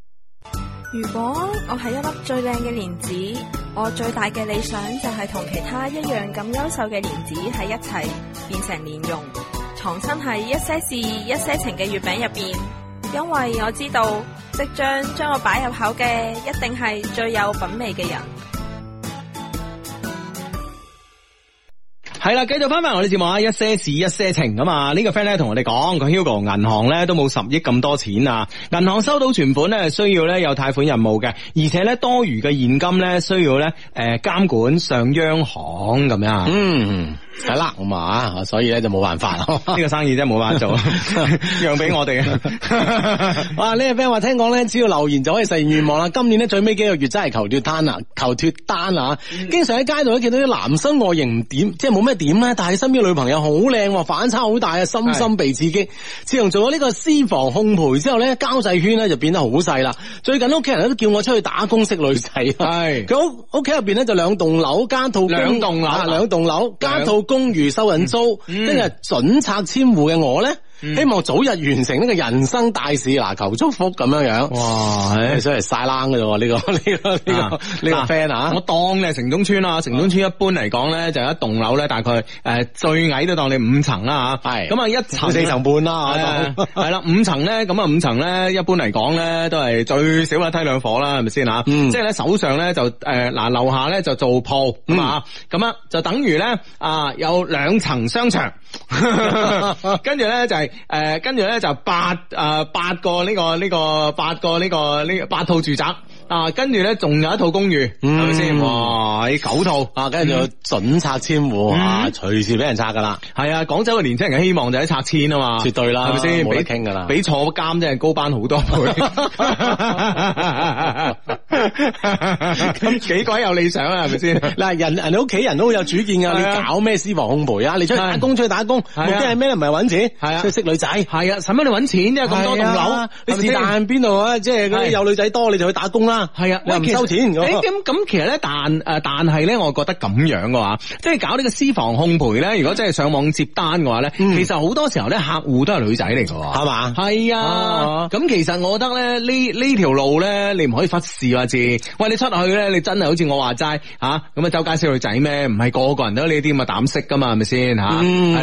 如果我係一粒最靚嘅蓮子，我最大嘅理想就係同其他一樣咁優秀嘅蓮子喺一齊變成蓮蓉，藏身喺一些事、一些情嘅月餅入邊，因為我知道即將將我擺入口嘅一定係最有品味嘅人。係啦，繼續返返我哋節目啊！一些事，一些情咁啊。呢個 friend 咧同我哋講，佢 Hugo 銀行咧都冇十億咁多錢啊。銀行收到存款咧，需要咧有貸款任務嘅，而且咧多餘嘅現金咧需要咧誒、呃、監管上央行咁樣。嗯。係啦，咁啊，所以咧就冇辦法啦，呢個生意真係冇辦法做， [LAUGHS] 讓俾我哋。哇、 [LAUGHS] 啊，朋友呢位 friend 話聽講咧，只要留言就可以實現願望啦。今年咧最尾幾個月真係求脫單啦，求脫單啦，經常喺街度都見到啲男生外形唔點，即係冇咩點咧，但係身邊女朋友好靚，反差好大啊，深深被刺激。是自從做咗呢個私房烘焙之後咧，交際圈咧就變得好細啦。最近屋企人咧都叫我出去打工識女仔，係佢是屋屋企入邊咧就兩棟樓加套，兩棟樓、啊啊，兩棟樓加套兩。公寓收人租，聽日、嗯、准拆遷戶嘅我咧。希望早日完成呢個人生大事，嗱，求祝福咁樣樣。哇，所以晒冷嘅啫喎，呢個呢個呢個呢個 friend 啊！我當你係城中村啦，城中村一般嚟講咧就一棟樓咧大概，誒最矮都當你五層啦吓。係咁啊一層四層半啦係啦五層咧，咁啊五層咧一般嚟講咧都係最少一梯兩伙啦，係咪先吓？即係咧手上咧就誒嗱樓下咧就做鋪咁啊，咁啊就等於咧啊有兩層商場。跟住咧就係、是、誒，跟住咧就八誒、呃、八個呢、呢個呢、呢個八個呢、呢個呢、呢個、八套住宅。啊，跟住咧，仲有一套公寓，係咪先？哇，九套啊，跟住就準拆遷戶啊，隨時俾人拆噶啦。係啊，廣州嘅年輕人希望就喺拆遷啊嘛，絕對啦，係咪先？冇得傾噶啦，比坐監真係高班好多倍。咁幾鬼有理想啊，係咪先？嗱，人人哋屋企人都有主見噶，你搞咩私房烘焙啊？你出去打工出去打工，目的係咩？唔係揾錢，係啊，出去識女仔。係啊，使乜你揾錢啫？咁多棟樓，你時間邊度啊？即係嗰啲有女仔多，你就去打工啦。係啊，啊，你又唔收錢？咁咁其實咧、欸，但誒、呃，但係咧，我覺得咁樣嘅話，即係搞呢個私房烘焙咧，如果真係上網接單嘅話咧，嗯、其實好多時候咧，客戶都係女仔嚟嘅，係嘛吧？係啊，咁、啊啊、其實我覺得咧，條路呢呢條路咧，你唔可以忽視啊！字喂，你出去咧，你真係好似我話齋吓，咁啊周街少女仔咩？唔係個個人都呢啲咁嘅膽色噶嘛，係咪先吓？係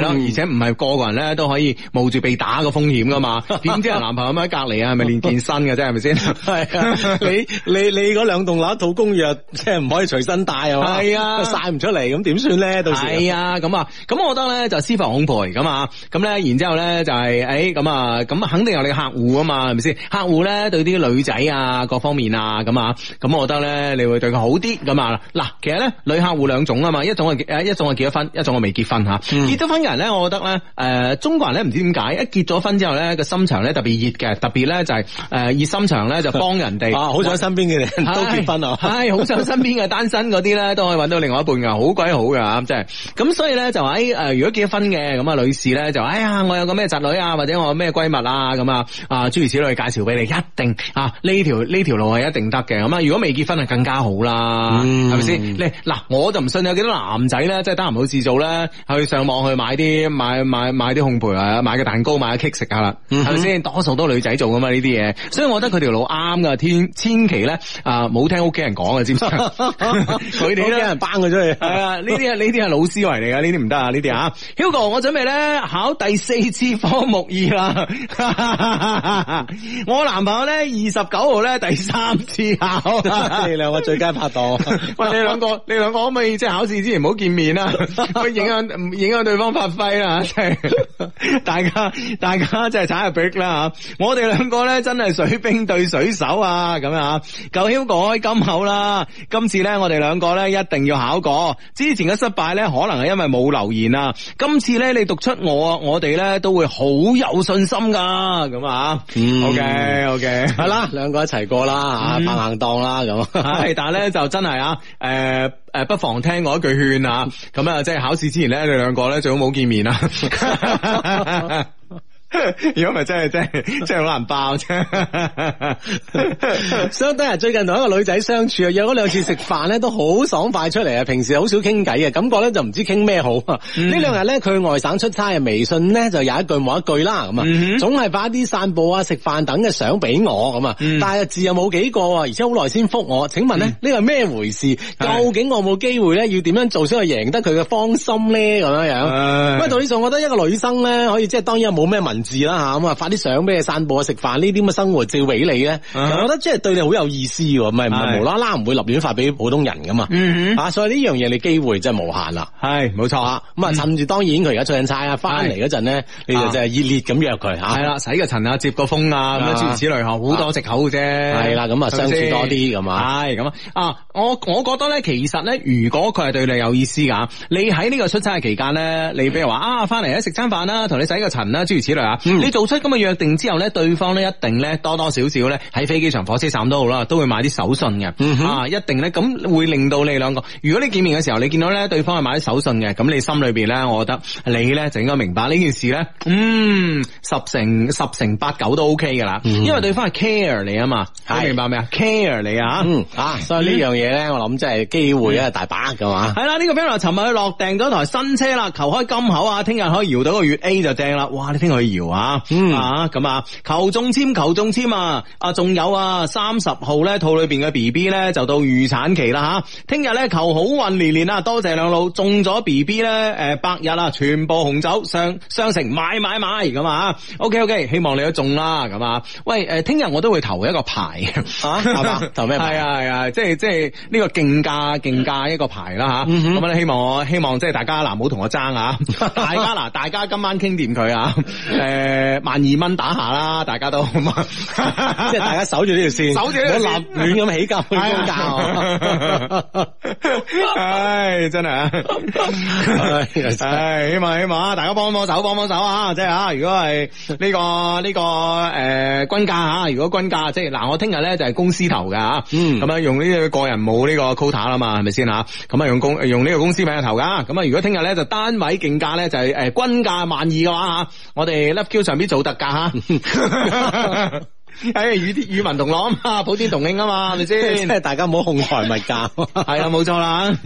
咯、嗯啊，而且唔係個個人咧都可以冒住被打嘅風險噶嘛？點 [LAUGHS] 知啊，男朋友喺隔籬啊，係咪練健身嘅啫？係咪先？係 [LAUGHS] 啊，你。你你嗰兩棟樓一套公寓啊，即係唔可以隨身帶是啊嘛，係啊晒唔出嚟，咁點算咧？到時係啊，咁啊，咁我覺得咧就私房恐怖嚟噶嘛，咁咧然之後咧就係，誒咁啊，咁、啊啊啊、肯定有你嘅客戶啊嘛，係咪先？客戶咧對啲女仔啊，各方面啊，咁啊，咁、啊啊、我覺得咧你會對佢好啲咁啊。嗱，其實咧女客戶兩種啊嘛，一種係誒一種係結咗婚，一種係未結婚嚇。嗯、結咗婚嘅人咧，我覺得咧誒、呃、中國人咧唔知點解一結咗婚之後咧個心腸咧特別熱嘅，特別咧就係、是、誒、呃、熱心腸咧就幫人哋、 [LAUGHS] 啊、好上心喂。邊嘅人都結婚啊，唉，好想身邊嘅 [LAUGHS] 單身嗰啲咧，都可以揾到另外一半噶，很好鬼好噶，即係咁，所以咧就喺誒、哎呃，如果結婚嘅咁啊，女士咧就說哎呀，我有個咩侄女啊，或者我有咩閨蜜啊咁啊啊諸如此類介紹俾你，一定啊呢條呢條路係一定得嘅，咁啊如果未結婚係更加好、嗯、是啦，係咪先？嗱我就唔信有幾多男仔咧，即係得閒冇事做咧，去上網去買啲買買買啲烘焙啊，買個蛋糕買啲 cake 食下啦，係咪先？多數都女仔做噶嘛呢啲嘢，所以我覺得佢條路啱噶，天千祈。咧啊，冇聽屋企人講啊，知唔知啊？佢哋屋企人幫佢出去，係 [LAUGHS] 啊，呢啲係呢啲係老思維嚟噶，呢啲唔得啊，呢啲啊，Hugo，我準備咧考第四次科目二啦， [LAUGHS] 我男朋友咧二十九號咧第三次考， [LAUGHS] [LAUGHS] 你兩個最佳拍檔， [LAUGHS] 喂，你兩個你兩個可唔可以即係考試之前唔好見面啊？影響影響對方發揮啊。即 [LAUGHS] 係大家大家即係踩下壁啦吓， [LAUGHS] 我哋兩個咧真係水兵對水手啊，咁樣啊。舊修改今口啦，今次咧我哋兩個咧一定要考過。之前嘅失敗咧，可能係因為冇留言啊。今次咧你讀出我，我哋咧都會好有信心噶。咁啊、嗯，OK OK，係啦，兩個一齊過啦，吓拍硬檔啦，咁。啊但係咧就真係啊，誒誒、 [LAUGHS] 呃，不妨聽我一句勸啊。咁啊，即係考試之前咧，你兩個咧最好冇見面啊。 [LAUGHS] [LAUGHS] 如果唔係真係真係真係好難爆啫！ [LAUGHS] 相當日，最近同一個女仔相處啊，約咗兩次食飯咧，都好爽快出嚟啊。平時好少傾偈嘅，感覺咧就唔知傾咩好啊。呢、嗯、兩日咧佢外省出差啊，微信咧就有一句冇一句啦，咁啊，嗯、哼總係發一啲散步啊、食飯等嘅相俾我咁啊，樣嗯、但係字又冇幾個，而且好耐先復我。請問呢，呢個係咩回事？究竟我冇機會咧要點樣做先可以贏得佢嘅芳心咧？咁樣樣。咁啊唉，道理上我覺得一個女生咧可以即係當然冇咩問。字啦吓咁啊，發啲相俾你散步啊，食飯呢啲咁嘅生活照俾你咧，我覺得即係對你好有意思喎，咪唔係無啦啦唔會立亂發俾普通人噶嘛，啊，所以呢樣嘢你機會真係無限啦，係冇錯啊，咁啊趁住當然佢而家出差啊翻嚟，嗰陣呢，你就真係熱烈咁約佢吓，係啦，洗個塵啊，接個風啊，咁諸如此類好多藉口嘅啫，係啦，咁啊相處多啲咁啊，咁啊，我我覺得咧其實咧如果佢係對你有意思噶，你喺呢個出差嘅期間咧，你譬如話啊翻嚟，食餐飯啦，同你洗個塵啦，諸如此類。嗯、你做出咁嘅約定之後咧，對方咧一定咧多多少少咧，喺飛機場、火車站都好啦，都會買啲手信嘅，嗯、哼啊，一定咧，咁會令到你兩個。如果你見面嘅時候，你見到咧對方係買啲手信嘅，咁你心裏邊咧，我覺得你咧就應該明白呢件事咧，嗯，十成十成八九都 OK 噶啦，嗯、因為對方係 care 的是你啊嘛，明白咩啊？care 你、嗯、啊，的的嗯、啊，所以呢樣嘢咧，我諗真係機會啊大把噶嘛。係啦，呢個 friend 尋日去落訂咗台新車啦，求開金口啊，聽日可以搖到個月 A 就正啦，哇，你聽日話，嗯啊咁啊求中簽，求中簽啊啊，仲有啊三十號咧肚裏邊嘅 B B 咧就到預產期啦吓，聽日咧求好運連連啊多謝兩老，中咗 B B 咧誒、呃、百日啊全部紅酒上商城買買買咁啊 O K O K，希望你都中啦。咁啊喂誒聽日我都會投一個牌吓，係嘛？投咩牌？是啊係啊，是啊即係即係呢個競價，競價一個牌啦吓咁啊，嗯、哼啊希望我希望即係大家嗱唔好同我爭啊 [LAUGHS] 大家嗱大家今晚傾掂佢啊。啊誒，萬二蚊打下啦，大家都 [LAUGHS] 即係大家守住呢條線， [LAUGHS] 守住立 [LAUGHS] 亂咁起價 [LAUGHS] 去均價。唉，真係，唉，起碼起碼啊，大家幫幫手，幫幫手啊！即係啊，如果係呢個呢個誒均價吓，如果均價即係嗱，我聽日咧就係公司投㗎。吓，咁樣用呢個個人冇呢個 quota 啦嘛，係咪先吓？咁啊用公用呢個公司名去投噶。咁啊如果聽日咧就單位競價咧就係誒均價萬二嘅話吓，我哋。FQ 上面做特價吓。哎，與天與民同樂啊嘛，普天同慶啊嘛，係咪先？即係大家唔好控台物價，係、 [LAUGHS] 啊、啦，冇錯啦，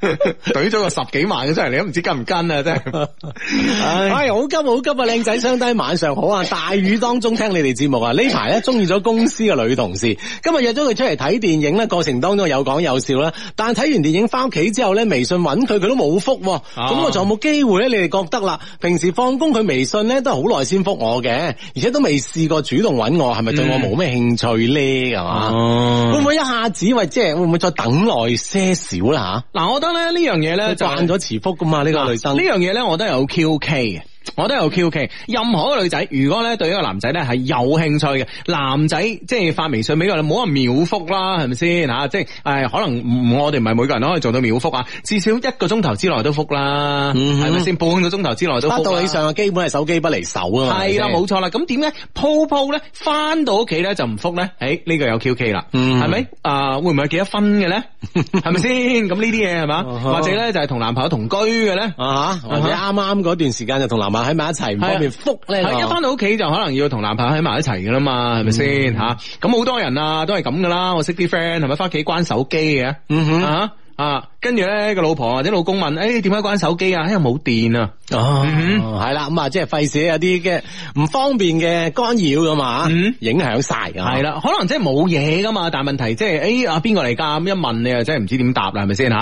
懟咗個十幾萬嘅出嚟，你都唔知跟唔跟啊！真係 [LAUGHS] 唉，哎，好急好急啊！靚 [LAUGHS] 仔，相低晚上好啊！大雨當中聽你哋節目啊！ [LAUGHS] 呢排咧中意咗公司嘅女同事，今日約咗佢出嚟睇電影咧，過程當中有講有笑啦。但睇完電影翻屋企之後咧，微信搵佢，佢都冇覆、啊，咁我仲有冇機會咧？你哋覺得啦？平時放工佢微信咧都好耐先覆我嘅，而且都未試過主動搵我，係咪？對我冇咩興趣咧，係嘛、嗯？會唔會一下子或者係會唔會再等耐些少啦？吓，嗱，我覺得咧呢樣嘢咧，慣咗遲福噶嘛，呢、啊、個女生、啊這個、呢樣嘢咧，我都係好 Q K 嘅。我都有 QK，任何個女仔如果咧對呢個男仔咧係有興趣嘅，男仔即係發微信俾佢，你冇話秒覆啦，係咪先吓？即係誒，可能我哋唔係每個人都可以做到秒覆啊，至少一個鐘頭之內都覆啦，係咪先？嗯、哼半個鐘頭之內都覆啦。道理上啊，基本係手機不離手啊嘛。係啦的，冇錯啦。咁點解鋪鋪咧翻到屋企咧就唔覆咧？誒、哎，呢、這個有 QK 啦，係咪、嗯哼？啊、呃，會唔會係幾多分嘅咧？係咪先？咁呢啲嘢係嘛？Uh huh. 或者咧就係同男朋友同居嘅咧啊？或者啱啱嗰段時間就同男，埋喺埋一齊唔方便復咧，係、啊說啊、一翻到屋企就可能要同男朋友喺埋一齊噶啦嘛，係咪先吓？咁好多人啊，都係咁噶啦，我識啲 friend 係咪翻屋企關手機嘅？嗯哼啊！啊，跟住咧個老婆或者老公問，誒、哎，點解關手機啊？因為冇電啊。哦，係啦，咁啊，嗯、即係費事有啲嘅唔方便嘅干擾噶嘛，嗯、影響晒。係啦了，嗯、可能即係冇嘢噶嘛，但係問題即係，誒、哎、啊，邊個嚟噶？一問你啊，真係唔知點答啦，係咪先吓？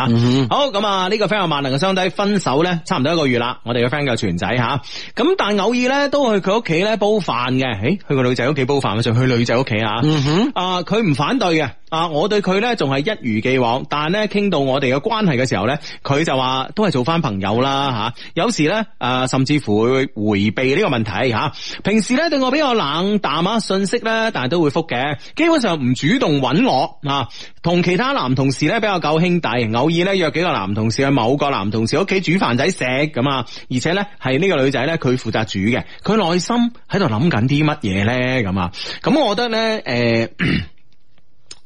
好咁啊，呢個 friend 萬能嘅兄弟分手咧，差唔多一個月啦。我哋嘅 friend 嘅全仔吓，咁但係偶爾咧都去佢屋企咧煲飯嘅。誒，去個女仔屋企煲飯，咪就去女仔屋企吓。啊，佢唔、欸啊嗯啊、反對嘅。啊，我對佢呢仲係一如既往，但係呢傾到我哋嘅關係嘅時候呢，佢就話都係做翻朋友啦吓。有時呢，甚至乎會回避呢個問題吓。平時呢，對我比較冷淡啊，信息呢，但係都會覆嘅，基本上唔主動揾我啊。同其他男同事呢比較夠兄弟，偶爾呢約幾個男同事去某個男同事屋企煮飯仔食咁啊。而且呢係呢個女仔呢，佢負責煮嘅，佢內心喺度諗緊啲乜嘢呢？咁啊，咁我覺得呢。誒、呃。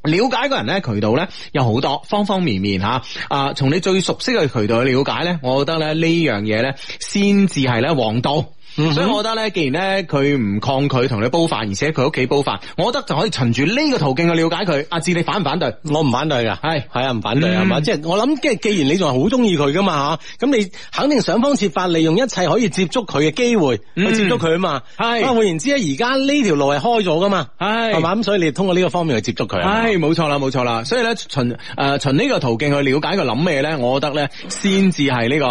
了解個人咧，渠道咧有好多方方面面吓，啊從你最熟悉嘅渠道去了解咧，我覺得咧呢樣嘢咧先至係咧王道。Mm hmm. 所以我覺得咧，既然咧佢唔抗拒同你煲飯，而且佢屋企煲飯，我覺得就可以循住呢個途徑去了解佢。阿、啊、志，你反唔反對？Mm hmm. 我唔反對噶，係係啊，唔反對係嘛？即係、mm hmm. 我諗，即係既然你仲係好中意佢噶嘛吓，咁你肯定想方設法利用一切可以接觸佢嘅機會去接觸佢啊嘛。係、mm，換、hmm. 是言之咧，而家呢條路係開咗噶嘛？係是，係嘛？咁所以你通過呢個方面去接觸佢，係冇錯啦，冇錯啦。所以咧，循誒、呃、循呢個途徑去了解佢諗咩咧，我覺得咧，先至係呢個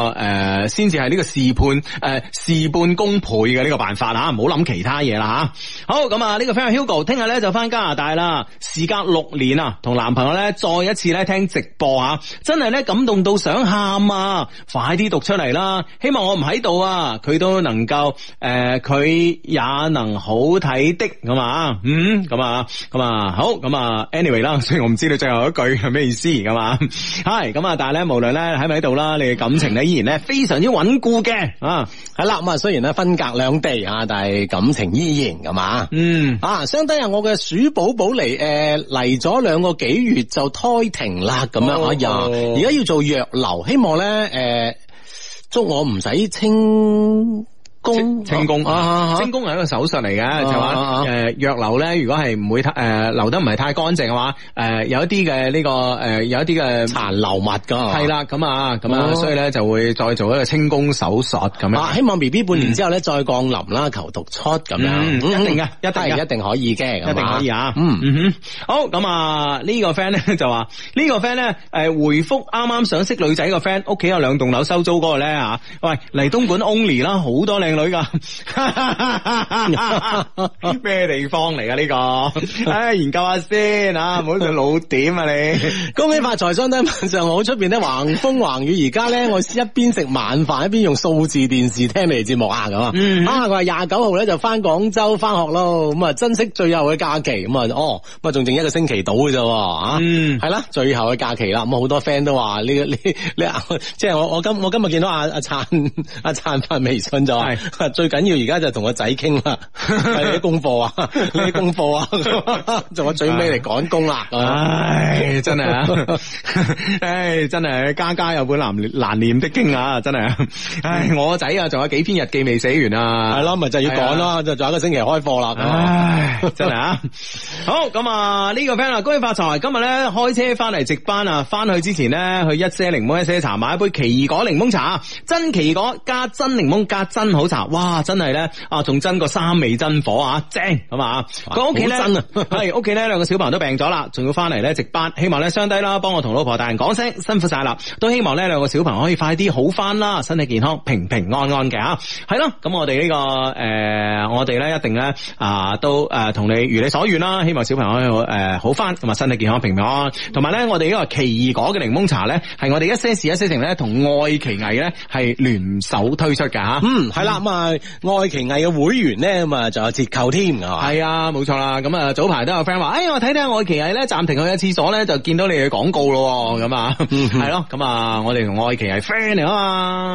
誒，先至係呢個事半誒，事、呃、半功。配嘅呢個辦法吓，唔好諗其他嘢啦吓。好，咁啊，呢、呢個 friend Hugo 聽日咧就翻加拿大啦，事隔六年啊，同男朋友咧再一次咧聽直播啊，真係咧感動到想喊啊！快啲讀出嚟啦，希望我唔喺度啊，佢都能夠誒，佢、呃、也能好睇的咁啊，嗯，咁啊，咁啊，好咁啊，anyway 啦，雖然我唔知你最後一句係咩意思噶嘛，係咁啊，但係咧無論咧喺咪喺度啦，你嘅感情咧依然咧非常之穩固嘅啊，係啦，咁啊，雖然咧分分隔兩地啊，但係感情依然㗎嘛，嗯啊，相當於我嘅鼠寶寶嚟誒嚟咗兩個幾月就胎停啦，咁樣、哦哦、啊又，而、呃、家要做藥流，希望咧誒、呃、祝我唔使清。清宮清宮係一個手術嚟嘅，就話誒藥流咧，如果係唔會誒流得唔係太乾淨嘅話，誒有一啲嘅呢個誒有一啲嘅殘留物噶，係啦咁啊咁啊，所以咧就會再做一個清宮手術咁樣。希望 B B 半年之後咧再降臨啦，求讀出咁樣，一定嘅，一定一定可以嘅，一定可以啊！嗯，好咁啊呢個 friend 咧就話呢個 friend 咧誒回覆啱啱想識女仔個 friend，屋企有兩棟樓收租嗰個咧吓，喂嚟東莞 only 啦，好多靚。女個咩地方嚟噶呢個？唉，研究下先吓，唔好上老點啊你！恭喜發財，雙得晚上好。出邊咧橫風橫雨，而家咧我一邊食晚飯一邊用數字電視聽你節目啊咁啊。啊，佢話廿九號咧就翻廣州翻學咯。咁啊，珍惜最後嘅假期。咁啊，哦，咁啊仲剩一個星期到嘅啫。吓，係啦，最後嘅假期啦。咁好多 friend 都話呢個呢呢，即係我我今我今日見到阿阿燦阿燦發微信就話。最緊要而家就同個仔傾啦，係你啲功課啊，你啲功課啊，做我最尾嚟趕工啦，唉，真係，唉，真係家家有本難難念的經啊，真係，唉，我個仔啊，仲有幾篇日記未寫完啊，係咯的，咪就要趕咯，就仲、是、的有一個星期開課啦，唉，真係啊， [LAUGHS] 好，咁啊呢、這個 friend 啊恭喜發財，今日咧開車翻嚟值班啊，翻去之前咧去一些檸檬一些茶買一杯奇異果檸檬茶，真奇異果加真檸檬加真好茶。哇，真係咧哇新啊，仲真個三味真火啊，正咁啊！佢屋企咧，係屋企呢兩個小朋友都病咗啦，仲要翻嚟咧值班，希望咧傷低啦，幫我同老婆大人講聲，辛苦晒啦，都希望呢兩個小朋友可以快啲好翻啦，身體健康，平平安安嘅啊！係咯，咁我哋呢、這個誒、呃，我哋咧一定咧啊、呃，都誒、呃、同你如你所願啦，希望小朋友可以誒好翻，咁、呃、啊身體健康，平平安。同埋咧，我哋呢個奇異果嘅檸檬茶咧，係我哋一些事一些情咧同愛奇藝咧係聯手推出嘅吓，嗯，係啦。嗯咁啊、嗯，愛奇藝嘅會員咧，咁啊，就有折扣添，係係啊，冇錯啦。咁啊，早排都有 friend 話，哎，我睇睇愛奇藝咧，暫停去咗廁所咧，就見到你嘅廣告咯。咁、嗯嗯、啊，係咯、嗯。咁啊，我哋同愛奇藝 friend 嚟啊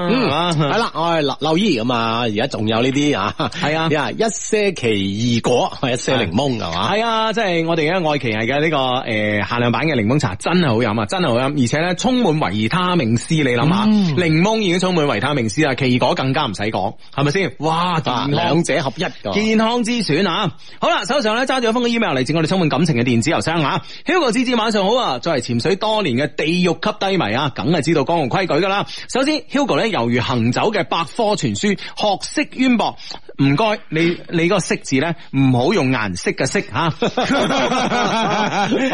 嘛。係啦、嗯，我哋留留意咁啊。而家仲有呢啲啊，係啊，一些奇異果，一些檸檬，㗎嘛。係啊，即係吧、啊就是、我哋嘅愛奇藝嘅呢個誒限量版嘅檸檬茶，真係好飲啊，真係好飲，而且咧充滿維他命 C，你諗下，檸、嗯、檬已經充滿維他命 C 啊，奇異果更加唔使講。係咪先？哇！兩者合一嘅健康之選啊！好啦，手上咧揸住一封嘅 email 嚟自我哋充滿感情嘅電子郵箱啊！Hugo 芝芝晚上好啊！作為潛水多年嘅地獄級低迷啊，梗係知道江湖規矩噶啦。首先，Hugo 咧猶如行走嘅百科全書，學識淵博。唔該，你你嗰個識字咧，唔好用顏色嘅色。吓。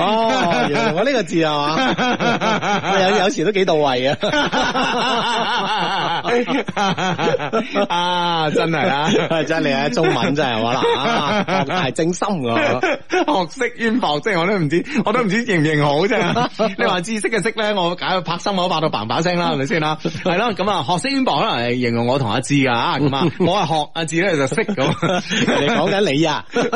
哦，形容我呢個字係嘛？有有時都幾到位嘅。啊，真係啦，真係啊真你，中文真係哇啦，係、啊、正心嘅、啊。 [LAUGHS] 學識淵博，即係我都唔知，我都唔知認唔認好啫。你話知識嘅識咧，我搞到拍心口，拍到嘭嘭聲啦，係咪先啦？係咯，咁啊，學識淵博可能係形容我同阿智㗎。啊，咁啊，我係學阿智。咧。就識咁，你講緊你啊 [LAUGHS]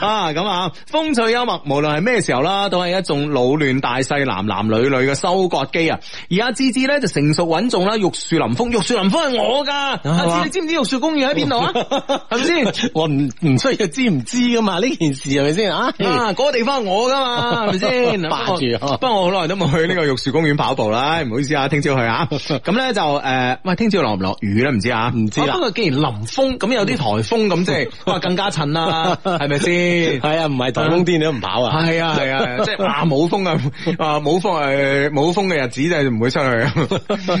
啊咁啊，風趣幽默，無論係咩時候啦，都係一種老嫩大細男男女女嘅收割機啊！而家芝芝咧就成熟穩重啦，玉樹臨風，玉樹臨風係我噶，你知唔知玉樹公園喺邊度啊？係咪先？我唔唔需要知唔知噶嘛？呢件事係咪先啊？嗰、嗰個地方係我噶嘛？係咪先？ [LAUGHS] 霸住，不過我好耐都冇去呢個玉樹公園跑步啦，唔 [LAUGHS] 好意思啊，聽朝去啊。咁咧就誒，喂、呃，聽朝落唔落雨啦唔知啊，唔、啊、知啦。啊林風咁有啲台風咁，即係哇更加襯啦，係咪先？係 [LAUGHS] 啊，唔係台風天你都唔跑啊！係啊係啊， [LAUGHS] 即係冇風啊，冇風誒，冇、啊、風嘅日子就唔會出去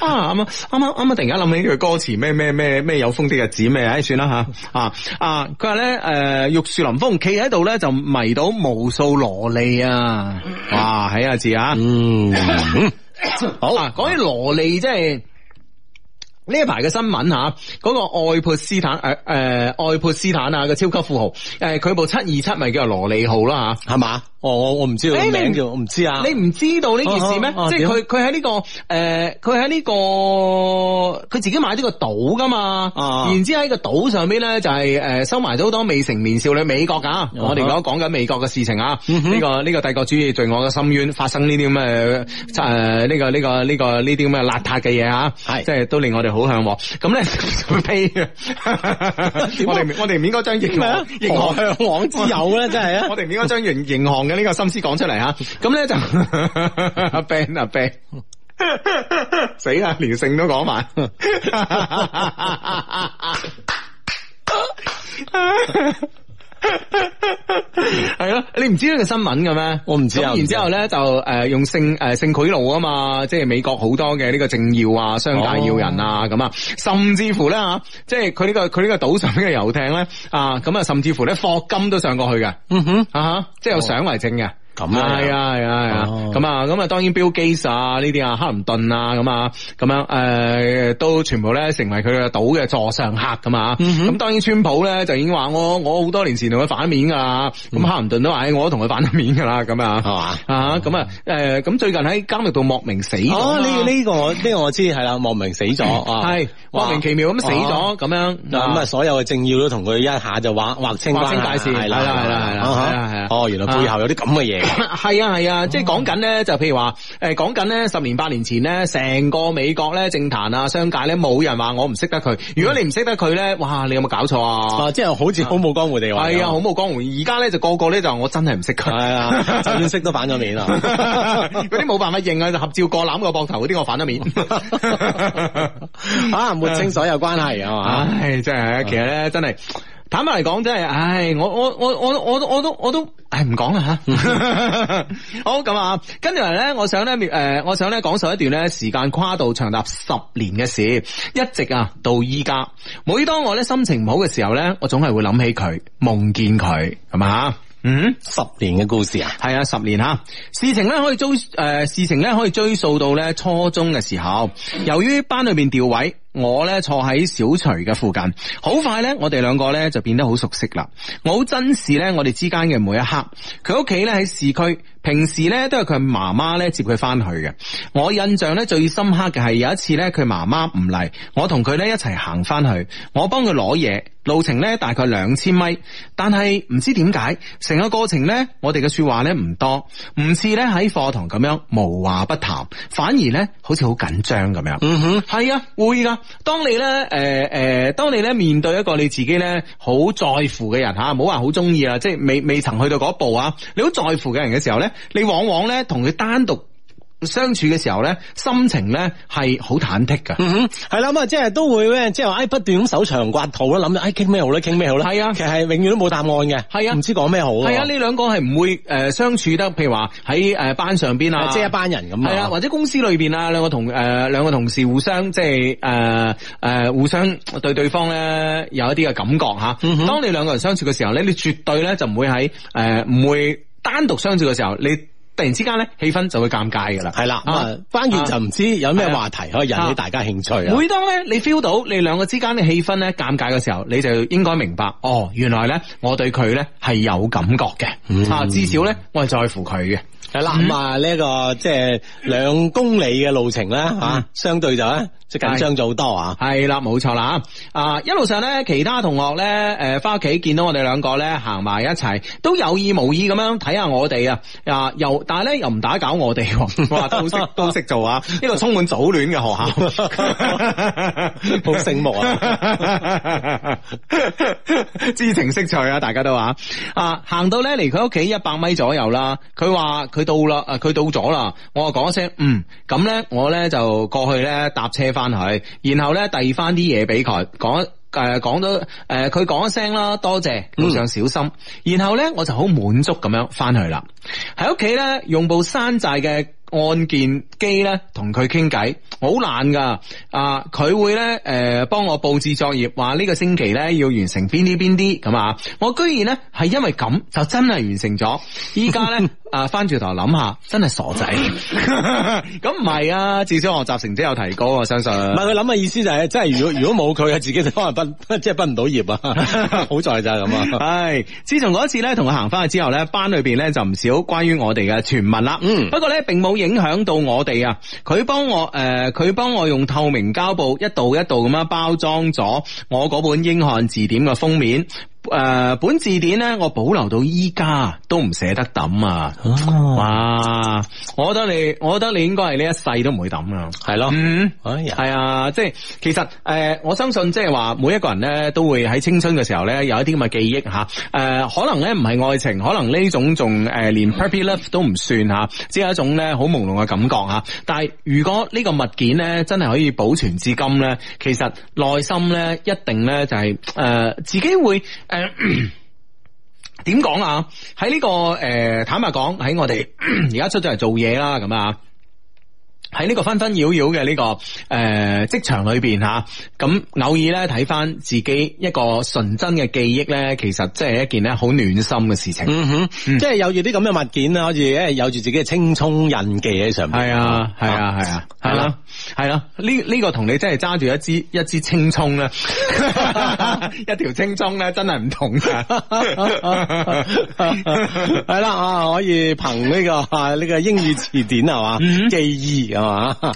[LAUGHS] 啊！啱啱啱啱突然間諗起佢歌詞咩咩咩咩有風的日子咩？唉、哎，算啦吓啊啊！佢話咧誒，玉樹臨風，企喺度咧就迷到無數蘿莉啊！哇，睇啊，字啊，嗯， [LAUGHS] 好啊！講起蘿莉即係。 [LAUGHS] 就是呢一排嘅新聞吓，嗰、那個愛潑斯坦誒誒、呃呃、愛潑斯坦啊個超級富豪，誒、呃、佢部七二七咪叫做羅利號啦吓，係嘛？我我唔知個名叫，我唔知啊！你唔知道呢件事咩？即係佢佢喺呢個誒，佢喺呢個佢自己買咗個島噶嘛？然之喺個島上邊咧，就係誒收埋咗好多未成年少女美國噶，我哋而家講緊美國嘅事情啊！呢個呢個帝國主義罪惡嘅深淵發生呢啲咁嘅誒呢個呢個呢個呢啲咁嘅邋遢嘅嘢啊！係即係都令我哋好向往。咁咧，我哋我哋唔應該將銀行向往自由咧，真係啊！我哋唔應該將銀銀行呢個心思講出嚟吓，咁咧就阿 Ben 啊 Ben 死啦！連性都講埋。你唔知呢個新聞嘅咩？我唔知。咁然後之後咧就誒用性誒性賄賂啊嘛，即係美國好多嘅呢個政要啊、商界要人啊咁、哦啊，這個、啊，啊，甚至乎咧吓，即係佢呢個佢呢個島上嘅遊艇咧啊，咁啊甚至乎咧霍金都上過去嘅，嗯哼、啊、即係有相為證嘅。哦係啊係啊係啊，咁啊咁啊，當然 Bill Gates 啊呢啲啊，哈林頓啊咁啊，咁樣誒都全部咧成為佢嘅島嘅座上客噶嘛。咁當然川普咧就已經話我我好多年前同佢反面噶，咁哈林頓都話我同佢反面噶啦，咁啊係嘛，咁啊誒咁最近喺監獄度莫名死咗呢，呢個呢個我知係啦，莫名死咗係莫名其妙咁死咗，咁樣咁啊所有嘅政要都同佢一下就話劃清界線，係啦係啦係啦係，哦原來背後有啲咁嘅嘢。係啊係啊，即係講緊咧，就譬、啊、如話，誒講緊咧，十年八年前咧，成個美國咧政壇啊商界咧冇人話我唔識得佢。如果你唔識得佢咧，哇，你有冇搞錯啊？即係好似好冇江湖地，係啊，好冇、啊啊、江湖。而家咧就個個咧就我真係唔識佢，係啊，就算識都反咗面啊。嗰啲冇辦法認啊，就合照過攬過膊頭嗰啲我反咗面。 [LAUGHS] 啊，抹清所有關係啊嘛，唉、啊，啊、真係，其實咧真係。坦白嚟講，真係，唉，我我我我我，我都我都我都，唉，唔講啦吓。 [LAUGHS] [LAUGHS] 好咁啊，跟住嚟咧，我想咧，誒、呃，我想咧，講述一段咧，時間跨度長達十年嘅事，一直啊到依家。每當我咧心情唔好嘅時候咧，我總係會諗起佢，夢見佢，係咪啊？嗯，十年嘅故事啊，係啊，十年吓。事情咧可以追，誒、呃，事情咧可以追溯到咧初中嘅時候，由於班裡邊調位。我呢坐喺小徐嘅附近，好快呢我哋兩個呢就變得好熟悉啦。我好珍視呢我哋之間嘅每一刻。佢屋企呢喺市區，平時呢都係佢媽媽呢接佢翻去嘅。我印象呢最深刻嘅係有一次呢佢媽媽唔嚟，我同佢呢一齊行翻去，我幫佢攞嘢，路程呢大概兩千米，但係唔知點解成個過程呢我哋嘅說話呢唔多，唔似呢喺課堂咁樣無話不談，反而呢好似好緊張咁樣。嗯哼、mm，係、hmm. 啊，會噶。當你咧，誒、呃、誒，當你咧面對一個你自己咧好在乎嘅人吓，唔好話好中意啊，即係未未曾去到嗰步啊，你好在乎嘅人嘅時候咧，你往往咧同佢單獨相處嘅時候咧，心情咧係好忐忑噶。係、嗯、哼，係啦咁啊，即係都會咩？即係唉，不斷咁搜腸刮肚啦，諗住唉，傾、哎、咩好咧？傾咩好啦，係啊，的其實係永遠都冇答案嘅。係啊的，唔知講咩好。係啊，呢兩個係唔會誒相處得，譬如話喺誒班上邊啊，即係一班人咁啊。係啊的，的或者公司裏邊啦，兩個同誒兩、呃、個同事互相即係誒誒互相對對方咧有一啲嘅感覺吓。嗯、哼當你兩個人相處嘅時候咧，你絕對咧就唔會喺誒唔會單獨相處嘅時候你。突然之間咧，氣氛就會尷尬噶啦了，係啦，咁啊，關鍵就唔知有咩話題可以引起大家興趣啊。每當咧你 feel 到你兩個之間嘅氣氛咧尷尬嘅時候，你就應該明白，哦，原來咧我對佢咧係有感覺嘅，嗯、啊，至少咧我係在乎佢嘅。係啦、嗯嗯啊，咁啊呢個即係兩公里嘅路程咧，吓、 [LAUGHS] 啊、相對就咧、是。即係緊張做多啊，係啦，冇錯啦啊！一路上咧，其他同學咧，誒、呃，翻屋企見到我哋兩個咧，行埋一齊，都有意無意咁樣睇下我哋啊，啊，又但係咧又唔打攪我哋、啊，哇，都識都識做啊！呢、啊、個充滿早戀嘅學校，好醒目啊， [LAUGHS] 啊 [LAUGHS] 知情識趣啊，大家都話啊，啊，行到咧離佢屋企一百米左右啦，佢話佢到啦，誒，佢到咗啦，我就講一聲，嗯，咁咧，我咧就過去咧搭車翻。翻去，然後咧遞翻啲嘢俾佢，講誒講咗誒，佢、呃、講一聲啦，多謝，路上小心。嗯、然後咧我就好滿足咁樣翻去啦。喺屋企咧用部山寨嘅按鍵機咧同佢傾偈，好懶噶。啊，佢會咧誒幫我布置作業，話呢個星期咧要完成邊啲邊啲咁啊。我居然咧係因為咁就真係完成咗。依家咧。 [LAUGHS] 啊，翻轉頭諗下，真係傻仔。咁唔係啊，至少學習成績有提高啊，我相信。唔係佢諗嘅意思就係、是，真係如果如果冇佢，自己就可能畢，即係畢唔到業啊。 [LAUGHS] 好在就係咁啊。係，自從嗰次咧同佢行翻去之後咧，班裏邊咧就唔少關於我哋嘅傳聞啦。嗯。不過咧，並冇影響到我哋啊。佢幫我誒，佢、呃、幫我用透明膠布一度一度咁樣包裝咗我嗰本英漢字典嘅封面。誒、呃，本字典咧，我保留到依家都唔捨得抌啊！啊哇，我覺得你，我覺得你應該係呢一世都唔會抌咯、嗯、啊。係咯，嗯，係啊，即係其實誒、呃，我相信即係話每一個人咧都會喺青春嘅時候咧有一啲咁嘅記憶吓，誒、啊呃，可能咧唔係愛情，可能呢種仲誒、呃、連 puppy love 都唔算吓、啊，只係一種咧好朦朧嘅感覺吓、啊，但係如果呢個物件咧真係可以保存至今咧，其實內心咧一定咧就係、是、誒、呃、自己會。誒，點講啊？喺呢個誒，坦白講，喺我哋而家出咗嚟做嘢啦，咁啊。喺呢個紛紛擾擾嘅呢個誒職、呃、場裏邊吓，咁、啊、偶爾咧睇翻自己一個純真嘅記憶咧，其實即係一件咧好暖心嘅事情。嗯、哼，即、嗯、係有住啲咁嘅物件啊，好似誒有住自己嘅青葱印記喺上面。係啊，係啊，係啊，係啦，係啦，呢呢、啊這個同、這個、你真係揸住一支一支青葱咧， [LAUGHS] 一條青葱咧，真係唔同嘅係啦，啊，我可以憑呢、這個啊呢 [LAUGHS] 個英語詞典係嘛記憶啊。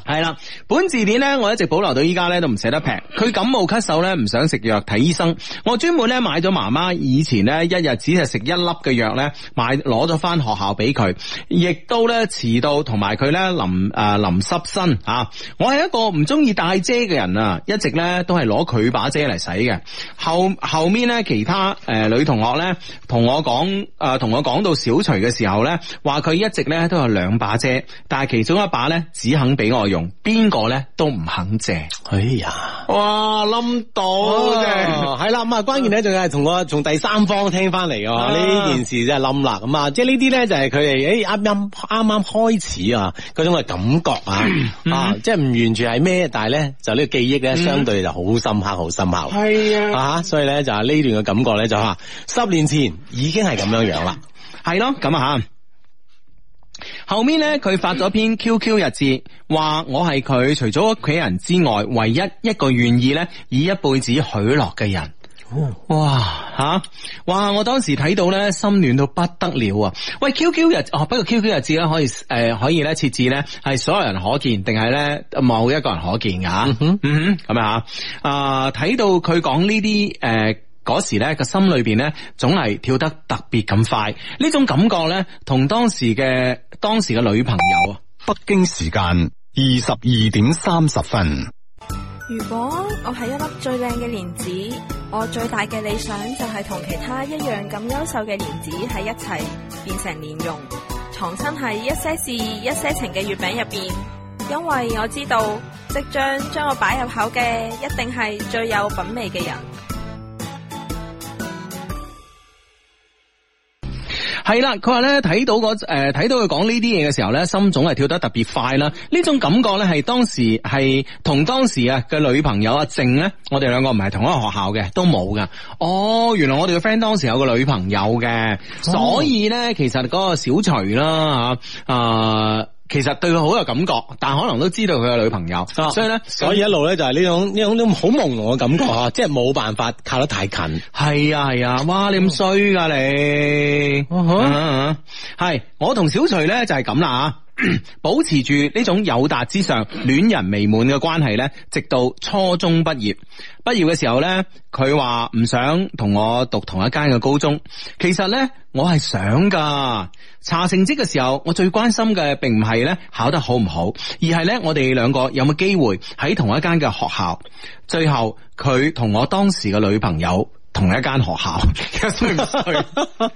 係啦， [LAUGHS] 本字典呢，我一直保留到依家呢，都唔捨得劈。佢感冒咳嗽呢，唔想食藥睇醫生。我專門呢，買咗媽媽以前呢一日只係食一粒嘅藥呢，買攞咗返學校俾佢。亦都呢，遲到同埋佢呢淋誒淋濕身啊！我係一個唔中意帶遮嘅人啊，一直呢都係攞佢把遮嚟使嘅。後後面呢，其他誒、呃、女同學呢，同我講誒同我講到小徐嘅時候呢，話佢一直呢都有兩把遮，但係其中一把呢。只。肯俾我用，邊個咧都唔肯借。哎呀，哇冧到了，係啦咁啊！關鍵咧，仲係同個從第三方聽翻嚟嘅呢件事，真係冧啦。咁、就是嗯嗯、啊，即係呢啲咧就係佢哋誒啱啱啱啱開始啊嗰種嘅感覺啊啊！即係唔完全係咩，但係咧就呢個記憶咧相對就好深刻、好、嗯、深刻。係啊，吓、啊，所以咧就呢段嘅感覺咧就話、是、十年前已經係咁樣了樣啦，係咯咁啊吓。後面呢，佢發咗篇 QQ 日誌，話我係佢除咗屋企人之外，唯一一個願意呢以一輩子許諾嘅人。哦、哇吓、啊，哇我當時睇到呢，心暖到不得了啊！喂，QQ 日哦、啊，不過 QQ 日誌呢可以誒、呃、可以呢設置呢，係所有人可見，定係呢某一個人可見噶吓？嗯哼，哼，咁樣啊，啊睇到佢講呢啲誒。呃嗰時咧個心裏邊咧總係跳得特別咁快，呢種感覺咧同當時嘅當時嘅女朋友啊。北京時間二十二點三十分。如果我係一粒最靚嘅蓮子,我最大嘅理想就係同其他一樣咁優秀嘅蓮子喺一齊變成蓮蓉，藏身喺一些事一些情嘅月餅入邊，因為我知道即將將我擺入口嘅一定係最有品味嘅人。係啦，佢、呃、話咧睇到，誒，睇到佢講呢啲嘢嘅時候咧，心總係跳得特別快啦。呢種感覺咧係當時係同當時啊嘅女朋友阿靜咧，我哋兩個唔係同一個學校嘅，都冇噶。哦，原來我哋嘅 friend 當時有個女朋友嘅，哦、所以咧其實嗰個小徐啦啊。呃其實對佢好有感覺，但可能都知道佢有女朋友，啊、所以咧，所以一路咧就係呢種呢種呢種好朦朧嘅感覺啊， [LAUGHS] 即係冇辦法靠得太近。係啊係啊，哇你咁衰噶你，係、哦啊啊、我同小徐咧就係咁啦啊。 [COUGHS] 保持住呢種友達之上戀人未滿嘅關係呢，直到初中畢業。畢業嘅時候呢，佢話唔想同我讀同一間嘅高中。其實呢，我係想噶查成績嘅時候，我最關心嘅並唔係呢，考得好唔好，而係呢，我哋兩個有冇機會喺同一間嘅學校。最後，佢同我當時嘅女朋友。同一間學校，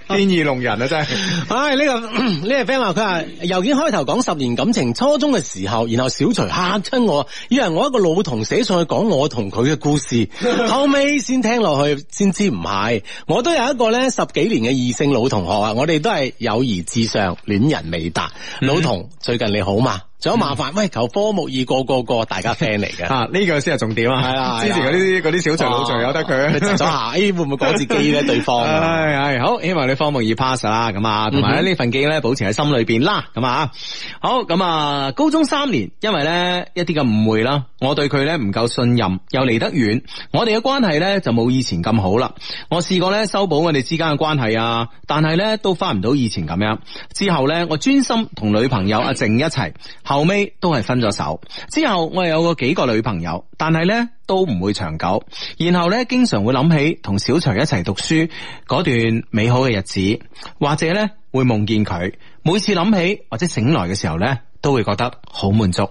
不 [LAUGHS] 天意弄人啊真係！唉、哎，呢、這個呢、這個 friend 話，佢話郵件開頭講十年感情，初中嘅時候，然後小徐嚇親我，以為我一個老同寫上去講我同佢嘅故事，後尾先聽落去先知唔係。我都有一個咧十幾年嘅異性老同學啊，我哋都係友誼至上，戀人未達。嗯、老同最近你好嘛？仲有麻煩，喂，求科目二個個個大家 friend 嚟嘅。 [LAUGHS] 啊，呢、這個先係重點啊，係啊，之前嗰啲啲小才老才、啊、有得佢，接咗下，會唔會講自己咧？對方，係係、 [LAUGHS] 哎哎、好，希望你科目二 pass 啦，咁啊、嗯哼，同埋呢份記憶咧，保持喺心裏邊啦，咁啊、嗯哼，好，咁、嗯、啊，高中三年，因為咧一啲嘅誤會啦，我對佢咧唔夠信任，又離得遠，我哋嘅關係咧就冇以前咁好啦。我試過咧修補我哋之間嘅關係啊，但係咧都翻唔到以前咁樣。之後咧，我專心同女朋友阿靜一齊。後尾都係分咗手，之後我有個幾個女朋友，但係咧都唔會長久。然後咧，經常會諗起同小徐一齊讀書嗰段美好嘅日子，或者咧會夢見佢。每次諗起或者醒來嘅時候咧，都會覺得好滿足。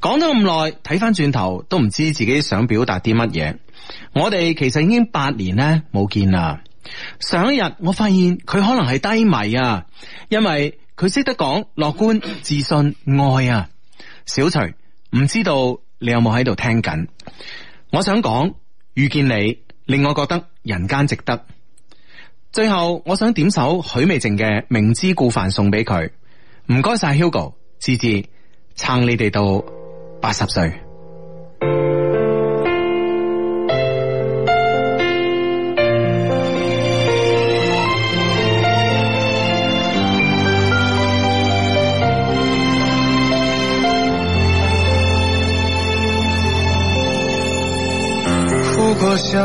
講咗咁耐，睇翻轉頭都唔知自己想表達啲乜嘢。我哋其實已經八年咧冇見啦。上一日我發現佢可能係低迷啊，因為。佢識得講樂觀、自信、愛啊！小徐唔知道你有冇喺度聽緊？我想講，遇見你令我覺得人間值得。最後我想點首許美靜嘅明知故犯送俾佢，唔該晒 Hugo，至至撐你哋到八十歲。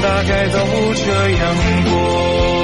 大概都這樣過。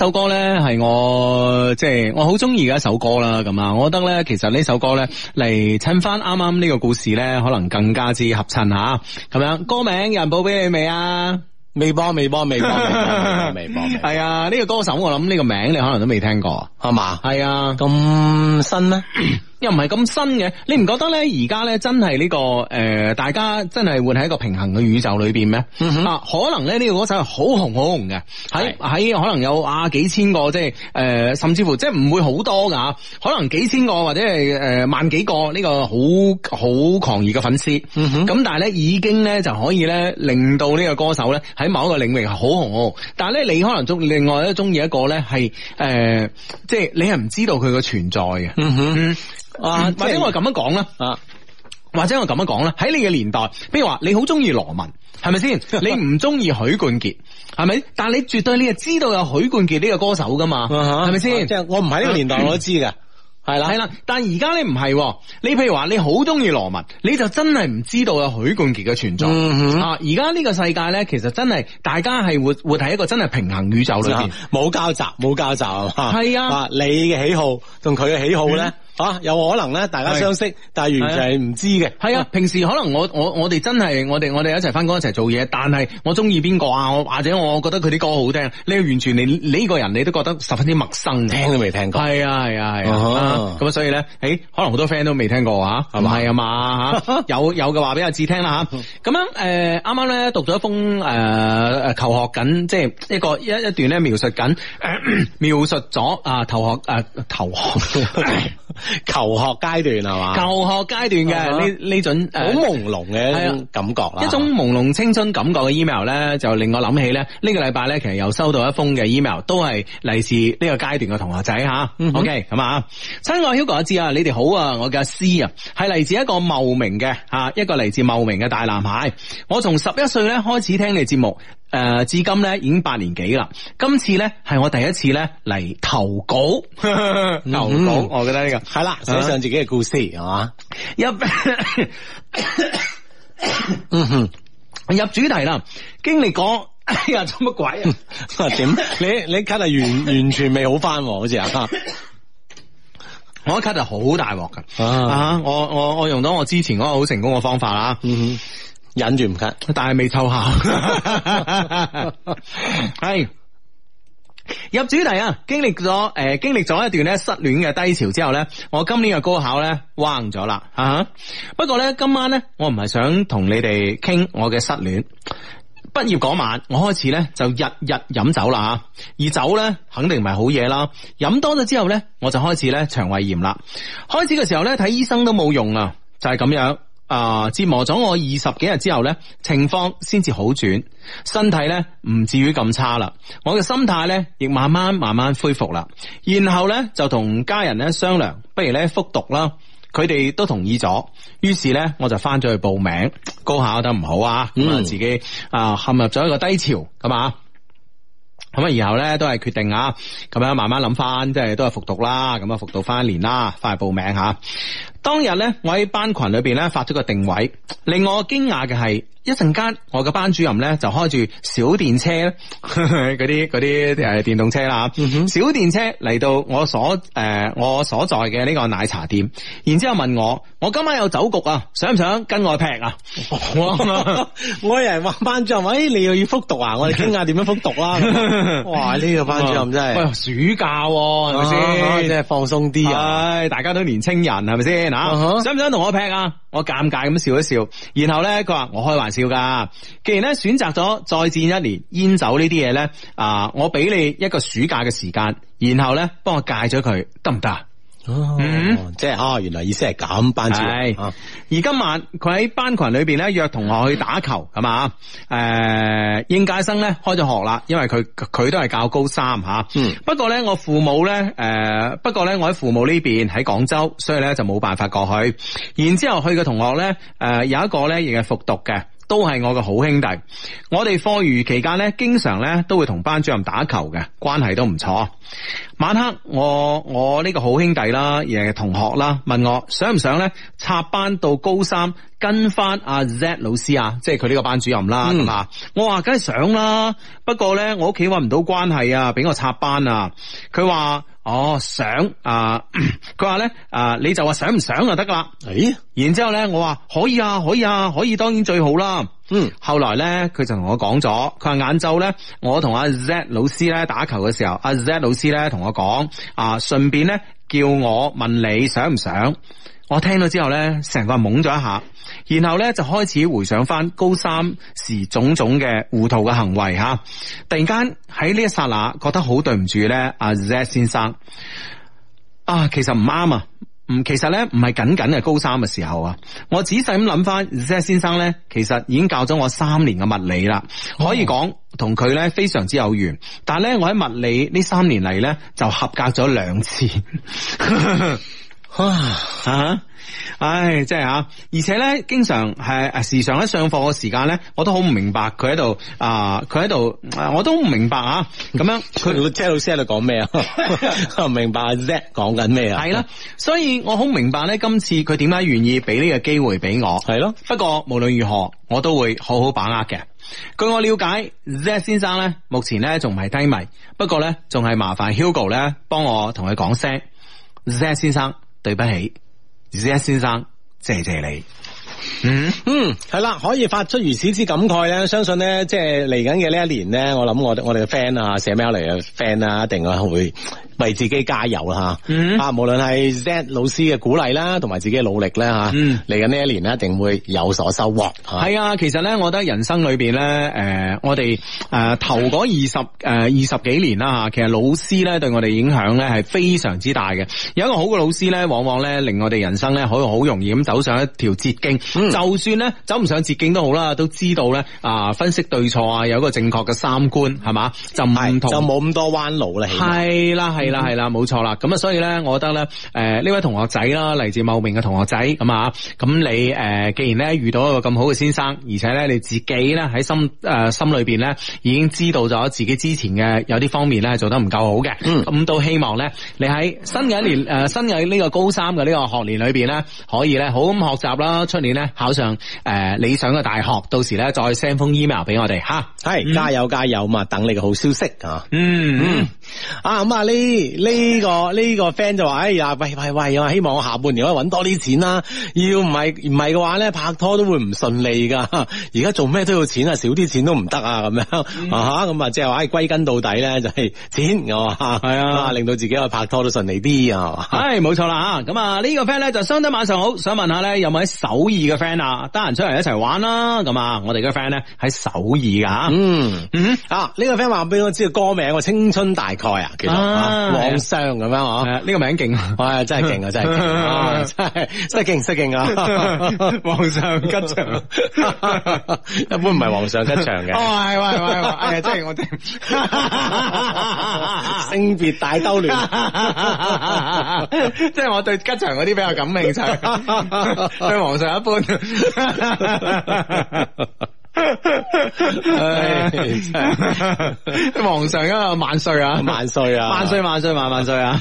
首歌咧係我即係我好中意嘅一首歌啦，咁啊，我覺得咧其實呢首歌咧嚟襯翻啱啱呢個故事咧，可能更加之合襯吓，咁樣，歌名有人報俾你未啊？未報，未報，未報，未報，係啊！呢個歌手我諗呢個名你可能都未聽過，係嘛？係啊，咁新咧。又唔係咁新嘅，你唔覺得呢、這個？而家呢，真係呢個誒，大家真係活喺一個平衡嘅宇宙裏邊咩？嗯、哼啊，可能咧呢個歌手係好紅好紅嘅，喺喺對可能有啊幾千個，即、呃、係甚至乎即係唔會好多噶，可能幾千個或者係誒、呃、萬幾個呢、這個好好狂熱嘅粉絲。咁、嗯、哼但係呢，已經呢就可以呢令到呢個歌手呢喺某一個領域好紅好紅。但係呢，你可能中另外咧中意一個呢，係、呃、誒，即、就、係、是、你係唔知道佢嘅存在嘅。嗯哼嗯或者我咁樣講啦，啊，或者我咁樣講啦。喺你嘅年代，譬如話你好中意羅文，係咪先？你唔中意許冠傑，係咪？但你絕對你係知道有許冠傑呢個歌手噶嘛，係咪先？即係我唔喺呢個年代我，我都知嘅，係、嗯、啦，係啦的。的但而家你唔係，你譬如話你好中意羅文，你就真係唔知道有許冠杰嘅存在。嗯、哼啊，而家呢個世界咧，其實真係大家係活活喺一個真係平衡宇宙裏面，冇交集，冇交集，係啊的，啊，你嘅喜好同佢嘅喜好咧。啊、有可能咧，大家相識，是但係完全係唔知嘅。係啊，嗯、平時可能我我我哋真係我哋我哋一齊翻工，一齊做嘢，但係我中意邊個啊？我或者我覺得佢啲歌好聽，你完全你你這個人你都覺得十分之陌生嘅，聽都未聽過。係啊係啊係啊，咁、啊、所以咧，誒、欸，可能好多 friend 都未聽過，係咪係啊嘛吓吧、啊，有有嘅話俾阿志聽啦吓。咁樣誒，啱啱咧讀咗一封誒誒、呃、求學緊，即係一個一一段咧描述緊，描、呃、述咗啊求學誒求學。啊 [LAUGHS] 求學階段係嘛？求學階段嘅呢呢種好朦朧嘅感覺啦，啊、一種朦朧青春感覺嘅 email 咧，就令我諗起咧，呢、呢個禮拜咧，其實又收到一封嘅 email，都係嚟自呢個階段嘅同學仔吓。OK 咁啊，親愛 Hugo 知啊，你哋好啊，我叫阿詩啊，係嚟自一個茂名嘅吓，一個嚟自茂名嘅大男孩，我從十一歲咧開始聽你節目。誒、呃，至今咧已經八年幾啦。今次咧係我第一次咧嚟投稿， [LAUGHS] 投稿，嗯、哼我覺得呢、這個係啦，寫上自己嘅故事係嘛？啊、吧入， [LAUGHS] 嗯哼，入主題啦。經理講：哎呀，做乜鬼啊？點、 [LAUGHS] 啊？你你卡 [LAUGHS] 啊，完完全未好翻，好、啊、似啊，啊。我卡就好大鑊噶。我我我用到我之前嗰個好成功嘅方法啦。嗯哼。忍住唔咳，但係未湊效。係 [LAUGHS] [LAUGHS] 入主題啊！經歷咗誒，經歷咗一段咧失戀嘅低潮之後咧，我今年嘅高考咧，歪咗啦。 [LAUGHS] 不過咧，今晚咧，我唔係想同你哋傾我嘅失戀。畢業嗰晚，我開始咧就日日飲酒啦吓，而酒咧肯定唔係好嘢啦。飲多咗之後咧，我就開始咧腸胃炎啦。開始嘅時候咧，睇醫生都冇用啊，就係、是、咁樣。啊、呃！折磨咗我二十幾日之後呢，情況先至好轉，身體呢唔至於咁差啦。我嘅心態呢亦慢慢慢慢恢復啦。然後呢，就同家人呢商量，不如呢復讀啦。佢哋都同意咗，於是呢，我就翻咗去報名。高考得唔好啊，咁、嗯、自己啊陷入咗一個低潮咁啊。咁啊，然、啊、後呢都係決定啊，咁樣、啊、慢慢諗翻，即係都係復讀啦。咁啊，復讀翻一年啦，翻去報名吓、啊。當日咧，我喺班群裏邊咧，發咗個定位，令我驚訝嘅係一陣間，我嘅班主任咧就開住小電車嗰啲嗰啲、誒電動車啦，小電車嚟到我所誒我所在嘅呢個奶茶店，然之後問我，我今晚有酒局啊，想唔想跟我劈啊？哦、 [LAUGHS] 我我有人話班主任，誒你又要復讀啊？我哋傾下點樣復讀啦？ [LAUGHS] 哇！呢、這個班主任真係，暑假係咪先？即係放鬆啲啊！唉，啊、是大家都年青人係咪先？是嗱，啊 uh huh. 想唔想同我劈啊？我尷尬咁笑一笑，然後咧佢話我開玩笑噶，既然咧選擇咗再戰一年煙酒呢啲嘢咧，啊，我俾你一個暑假嘅時間，然後咧幫我戒咗佢，得唔得啊？哦，嗯、即係啊、哦，原來意思係咁，班主任。是啊、而今晚佢喺班群裏邊咧約同學去打球，係嘛？誒、呃，應屆生咧開咗學啦，因為佢佢都係教高三吓。啊嗯、不過咧，我父母咧誒、呃，不過咧我喺父母呢邊喺廣州，所以咧就冇辦法過去。然之後去嘅同學咧誒、呃，有一個咧亦係復讀嘅。都係我嘅好兄弟，我哋課餘期間呢經常呢都會同班主任打球嘅，關係都唔錯。晚黑我我呢個好兄弟啦，亦係同學啦，問我想唔想呢插班到高三跟翻阿 Z 老師啊，即係佢呢個班主任啦，嗯、我話梗係想啦，不過呢，我屋企搵唔到關係啊，俾我插班啊，佢話。哦，想啊！佢話咧，啊、呃、你就話想唔想就得噶啦。誒、欸，然之後咧，我話可以啊，可以啊，可以，當然最好啦。嗯，後來咧，佢就同我講咗，佢話晏晝咧，我同阿 Z 老師咧打球嘅時候，阿 Z 老師咧同我講，啊、呃、順便咧叫我問你想唔想。我聽到之後呢，成個人懵咗一下，然後呢，就開始回想翻高三時種種嘅糊塗嘅行為吓。突然間喺呢一剎那，覺得好對唔住呢，阿 Z 先生啊，其實唔啱，啊，唔，其實呢唔係僅僅係高三嘅時候啊。我仔細咁諗翻，Z 先生呢，嗯、其實已經教咗我三年嘅物理啦，可以講同佢呢非常之有緣。但係呢，我喺物理呢三年嚟，呢，就合格咗兩次。 [LAUGHS] 哇！唉，真係吓！而且咧，經常係誒，時常喺上課嘅時間咧，我都好唔明白佢喺度啊，佢喺度啊，我都唔明白啊！咁樣佢老 Z 老師喺度講咩啊？唔 [LAUGHS] 明白 Z 講緊咩啊？係啦，所以我好明白咧，今次佢點解願意俾呢個機會俾我？係咯，不過無論如何，我都會好好把握嘅。據我了解 Z 先生咧，目前咧仲唔係低迷，不過咧仲係麻煩 Hugo 咧幫我同佢講聲 Z 先生，對不起，李家先生，謝謝你。嗯嗯，係啦、嗯，可以發出如此之感慨咧，相信咧，即係嚟緊嘅呢一年咧，我諗我哋我哋嘅 friend 啊，寫 mail 嚟嘅 friend 啊，一定會，為自己加油啦嚇！啊，無論係 Z 老師嘅鼓勵啦，同埋自己嘅努力咧嚇，嚟緊呢一年咧，一定會有所收穫。係啊、嗯，其實咧，我覺得人生裏邊咧，誒，我哋誒頭嗰二十誒 [LAUGHS] 二十幾年啦嚇，其實老師咧對我哋影響咧係非常之大嘅。有一個好嘅老師咧，往往咧令我哋人生咧可以好容易咁走上一條捷徑。嗯、就算咧走唔上捷徑都好啦，都知道咧啊，分析對錯啊，有一個正確嘅三觀係嘛，就唔同，就冇咁多彎路啦。係啦，係。係啦係啦，冇錯啦。咁啊，所以咧，我覺得咧，誒，呢位同學仔啦，嚟自茂名嘅同學仔，咁啊，咁你誒，既然咧遇到一個咁好嘅先生，而且咧你自己咧喺心誒心裏邊咧，已經知道咗自己之前嘅有啲方面咧做得唔夠好嘅，咁都、嗯、希望咧，你喺新嘅一年誒，新嘅呢個高三嘅呢個學年裏邊咧，可以咧好咁學習啦，出年咧考上誒理想嘅大學，到時咧再 send 封 email 俾我哋吓，係加油加油嘛，等你嘅好消息、嗯嗯、啊，嗯嗯，啊咁啊呢。呢、這個呢、這個 friend 就話，哎呀，喂喂喂，希望我下半年可以搵多啲錢啦。要唔係唔係嘅話咧，拍拖都會唔順利噶。而家做咩都要錢，錢都、嗯、啊，少啲錢都唔得啊，咁樣啊吓。咁啊，即係話歸根到底咧，就係、是、錢，我、哦、係、哎、呀啊，令到自己去拍拖都順利啲啊。係、哦、冇、哎、錯啦吓，咁啊呢個 friend 咧就 Sunday 晚上好，想問下咧有冇喺首爾嘅 friend、嗯嗯、啊，得閒出嚟一齊玩啦。咁啊，我哋嘅 friend 咧喺首爾噶吓。嗯啊呢個 friend 話俾我知個歌名，青春大概啊，其實、啊。皇上咁樣嗬，呢呀個名勁，哇呀真係勁啊， [LAUGHS] 真係真係，識勁識勁啊！皇上吉祥，一般唔係皇上吉祥嘅。喂喂喂，哎呀，即係我哋，性 [LAUGHS] 別大兜亂，即 [LAUGHS] 係我對吉祥嗰啲比較感興趣，對、就、皇、是、上一般。 [LAUGHS] 皇、 [LAUGHS] 哎、真係皇上啊，萬歲啊，萬歲啊，萬歲啊，萬歲萬歲萬萬歲啊！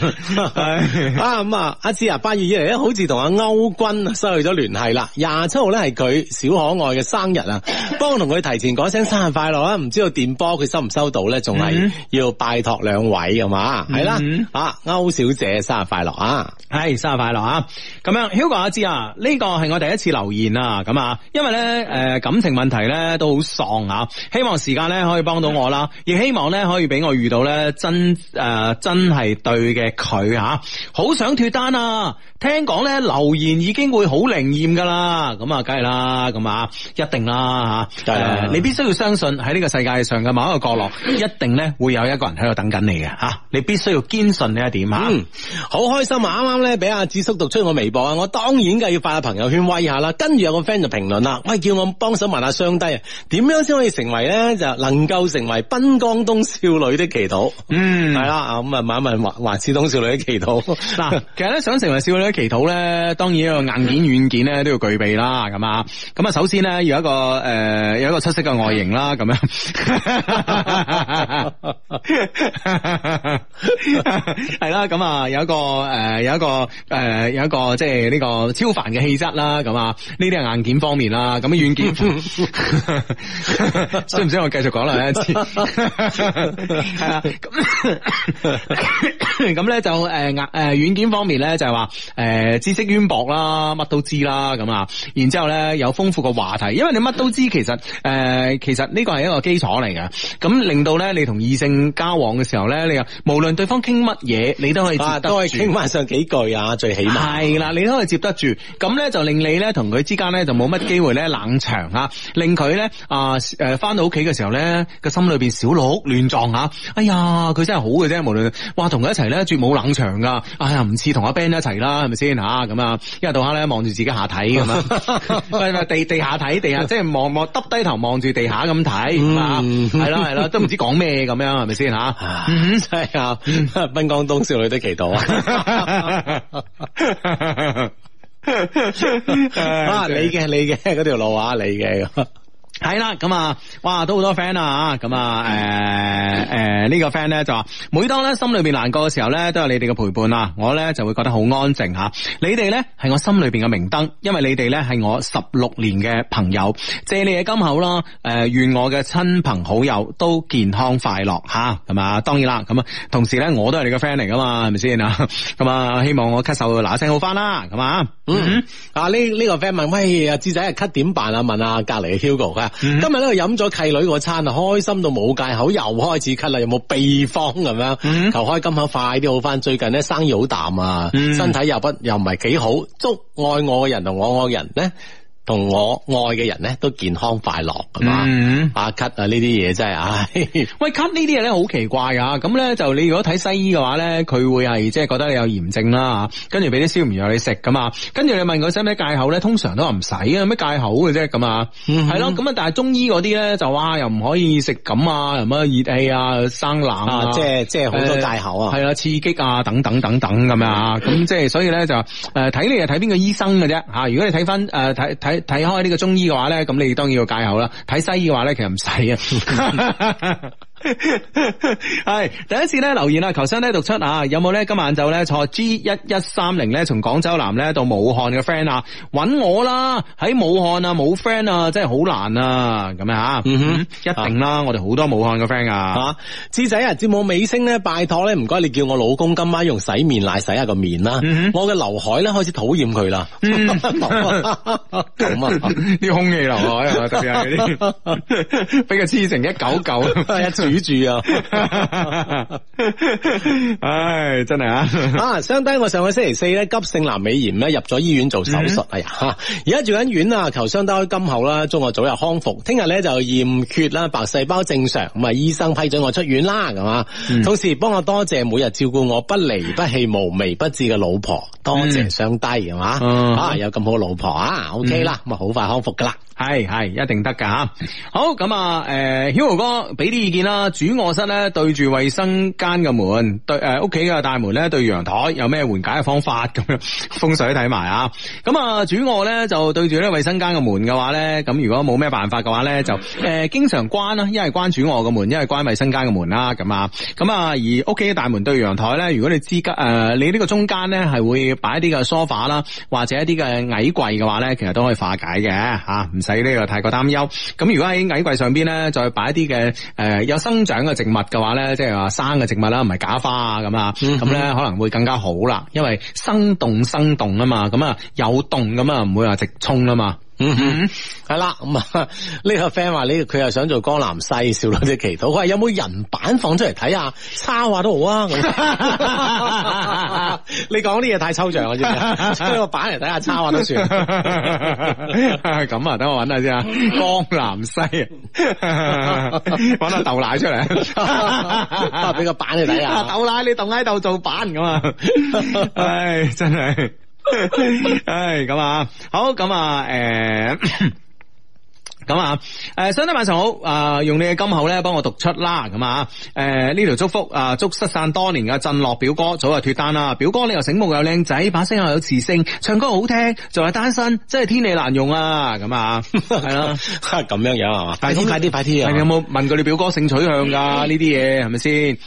啊咁啊，阿志啊，八月以嚟咧，好似同阿歐君失去咗聯繫啦。廿七號咧係佢小可愛嘅生日啊，幫我同佢提前講聲生日快樂啊。唔知道電波佢收唔收到咧，仲係要拜託兩位咁嘛，係啦，啊歐小姐生日快樂啊，係生日快樂啊！咁樣，Hugo 阿志啊，呢個係我第一次留言啊，咁啊，因為咧誒、呃、感情問題咧。都好喪啊！希望時間咧可以幫到我啦，亦希望咧可以俾我遇到咧真誒、呃、真係對嘅佢吓，好想脫單啊！聽講咧，留言已經會好靈驗噶啦，咁啊，梗係啦，咁啊，一定啦吓，呃、你必須要相信喺呢個世界上嘅某一個角落，一定咧會有一個人喺度等緊你嘅吓，啊，你必須要堅信呢一點啊。好，嗯，開心啊，啱啱咧俾阿智叔讀出我微博啊，我當然梗係要發朋友圈威一下啦，跟住有個 friend 就評論啦，喂，叫我幫手問下上帝啊，點樣先可以成為咧就能夠成為濱江東少女的祈禱？嗯，係啦，咁啊問一問華華之東少女的祈禱。嗱，其實咧 [LAUGHS] 想成為少女。祈禱咧，當然有一個硬件軟件咧都要具備啦。咁啊，咁啊，首先咧要有一個誒、呃，有一個出色嘅外形啦。咁樣係啦。咁啊，有一個誒，有一個誒、呃，有一個即係呢個超凡嘅氣質啦。咁啊，呢啲係硬件方面啦。咁軟軟件需唔 [LAUGHS] [LAUGHS] [LAUGHS] 需要我繼續講啦？一次係啊，咁咁咧就誒，誒，軟件方面咧就係、是、話。誒、呃，知識淵博啦，乜都知啦，咁啊，然之後咧有豐富嘅話題，因為你乜都知，其實誒、呃，其實呢個係一個基礎嚟嘅。咁令到咧你同異性交往嘅時候咧，你無論對方傾乜嘢，你都可以接得住，傾翻、啊、上幾句啊，最起碼係啦，你都可以接得住，咁咧就令你咧同佢之間咧就冇乜機會咧冷場啊，令佢咧啊誒，翻、呃、到屋企嘅時候咧個心裏邊小鹿亂撞吓，哎呀，佢真係好嘅啫，無論話同佢一齊咧絕冇冷場噶，哎呀，唔似同阿 Ben 一齊啦。咪先吓咁啊！因為到下咧望住自己下體咁啊，係咪地地下睇地下，即係望望耷低頭望住地下咁睇，係咯係咯，都唔知講咩咁樣，係咪先吓？係啊，濱江東少女的祈禱啊！你嘅你嘅嗰條路啊，你嘅。係啦，咁啊，哇，都好多 friend 啊，咁啊，誒、啊、誒、呢、啊啊呢個 friend 咧就話，每當咧心裏邊難過嘅時候咧，都有你哋嘅陪伴啊，我咧就會覺得好安靜吓、啊，你哋咧係我心裏邊嘅明燈，因為你哋咧係我十六年嘅朋友，借你嘅金口啦，誒、啊，願我嘅親朋好友都健康快樂吓，咁啊，當然啦，咁啊，同時咧我都係你個 friend 嚟噶嘛，係咪先啊？咁啊，希望我咳嗽嗱嗱聲好翻啦，咁啊。嗯，mm hmm. 啊呢呢、這個 friend 問，喂阿志、啊、仔啊咳點辦啊？問阿隔籬嘅 Hugo 啊，ugo, 啊 mm hmm. 今日咧飲咗契女個餐啊，開心到冇戒口，又開始咳啦，有冇秘方咁樣？啊 mm hmm. 求開，金口快啲好翻。最近咧生意好淡啊，mm hmm. 身體又不又唔係幾好，祝愛我嘅人同我愛嘅人咧。同我愛嘅人咧都健康快樂噶嘛？阿、嗯啊、咳啊呢啲嘢真係，啊、哎，喂咳呢啲嘢咧好奇怪噶！咁咧就你如果睇西醫嘅話咧，佢會係即係覺得你有炎症啦，跟住俾啲消炎藥你食噶嘛，跟住你問佢使唔使戒口咧，通常都話唔使啊，咩戒口嘅啫咁啊，係咯、嗯哼，咁啊但係中醫嗰啲咧就話又唔可以食咁啊，又乜熱氣啊生冷啊，即係即係好多戒口啊，係啊、呃，刺激啊等等等等咁樣啊，咁即係所以咧就誒睇、呃、你係睇邊個醫生嘅啫吓，如果你睇翻誒睇睇。呃睇開呢個中醫嘅話咧，咁你當然要戒口啦。睇西醫嘅話咧，其實唔使啊。係 [LAUGHS] 第一次咧留言啊，求生呢讀出啊，有冇咧今晚就咧坐 G 一一三零咧從廣州南咧到武漢嘅 friend 啊，揾我啦，喺武漢啊冇 friend 啊真係好難啊，咁樣吓，嗯、哼一定啦，啊、我哋好多武漢嘅 friend 啊，知仔啊，節目尾聲咧，拜託咧，唔該你叫我老公今晚用洗面奶洗下個面啦，嗯、哼我嘅劉海咧開始討厭佢啦，咁、嗯、 [LAUGHS] [LAUGHS] 啊，啲、啊、空氣劉海啊， [LAUGHS] 特別係嗰啲俾佢黐成一嚿嚿。住、 [LAUGHS] [LAUGHS] 哎、啊！唉，真係啊！啊，相低，我上個星期四咧急性闌尾炎咧入咗醫院做手術啊，吓、嗯！而家、哎、住緊院啊。求相低今後啦，祝我早日康復。聽日咧就驗血啦，白細胞正常，咁啊醫生批准我出院啦，咁啊、嗯，同時幫我多謝每日照顧我不離不棄、無微不至嘅老婆，多謝相低，係嘛、嗯啊？啊，有咁好嘅老婆啊，OK 啦，咁啊好快康復噶啦。係係一定得噶吓，好咁啊，誒，曉、呃、豪哥俾啲意見啦。主卧室咧對住衛生間嘅門，對誒屋企嘅大門咧對陽台，有咩緩解嘅方法咁樣 [LAUGHS] 風水睇埋啊。咁啊，主卧咧就對住咧衛生間嘅門嘅話咧，咁如果冇咩辦法嘅話咧，就誒、呃、經常關啦，一係關主卧嘅門，一係關衛生間嘅門啦。咁啊，咁啊，而屋企嘅大門對陽台咧，如果你之間誒你呢個中間咧係會擺一啲嘅 sofa 啦，或者一啲嘅矮櫃嘅話咧，其實都可以化解嘅吓，唔、啊。睇呢個太過擔憂，咁如果喺矮櫃上邊咧，再擺一啲嘅誒有生長嘅植物嘅話咧，即係話生嘅植物啦，唔係假花啊咁啊，咁咧、嗯、哼可能會更加好啦，因為生動生動啊嘛，咁啊有動咁啊，唔會話直沖啊嘛。Mm hmm. 嗯哼，係啦，咁、嗯、啊，呢、這個 friend 話呢，佢又想做江南西，少女的祈禱，佢話有冇人版放出嚟睇下？抄下都好啊， [LAUGHS] [LAUGHS] 你講啲嘢太抽象啊，真係，出個版嚟睇下抄下都算，咁啊，等我揾下先，江南西，揾、啊、個豆奶出嚟，俾、 [LAUGHS] 啊、個版你睇下，豆奶你豆奶度做版咁啊，唉、哎，真係。唉，咁、 [LAUGHS] 哎、啊，好，咁啊，誒，咁啊，誒 Sunday 晚上好，啊、呃，用你嘅金口咧，幫我讀出啦，咁啊，誒、呃，呢條祝福啊，祝失散多年嘅震樂表哥早日脫單啦，表哥你又醒目又靚仔，把聲又有磁性，唱歌好聽，就係單身，真係天理難容啊，咁啊，係咯，咁樣樣係嘛，快啲，快啲，快啲啊！你有冇問過你表哥性取向噶？呢啲嘢係咪先？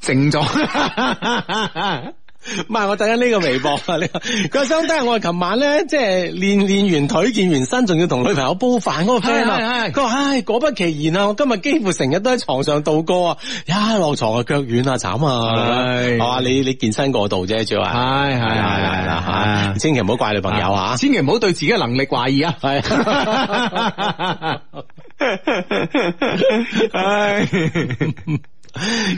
正咗。 [LAUGHS] 唔係，我睇緊呢個微博啊！呢你佢想聽我琴晚咧，即係練練完腿、健完身，仲要同女朋友煲飯嗰個 friend 啊！佢話：唉，果不其然啊！我今日幾乎成日都喺床上度過啊！一落床啊，腳軟啊，慘啊！我話你你健身過度啫，主要係係係係啦，千祈唔好怪女朋友啊，千祈唔好對自己嘅能力懷疑啊！係。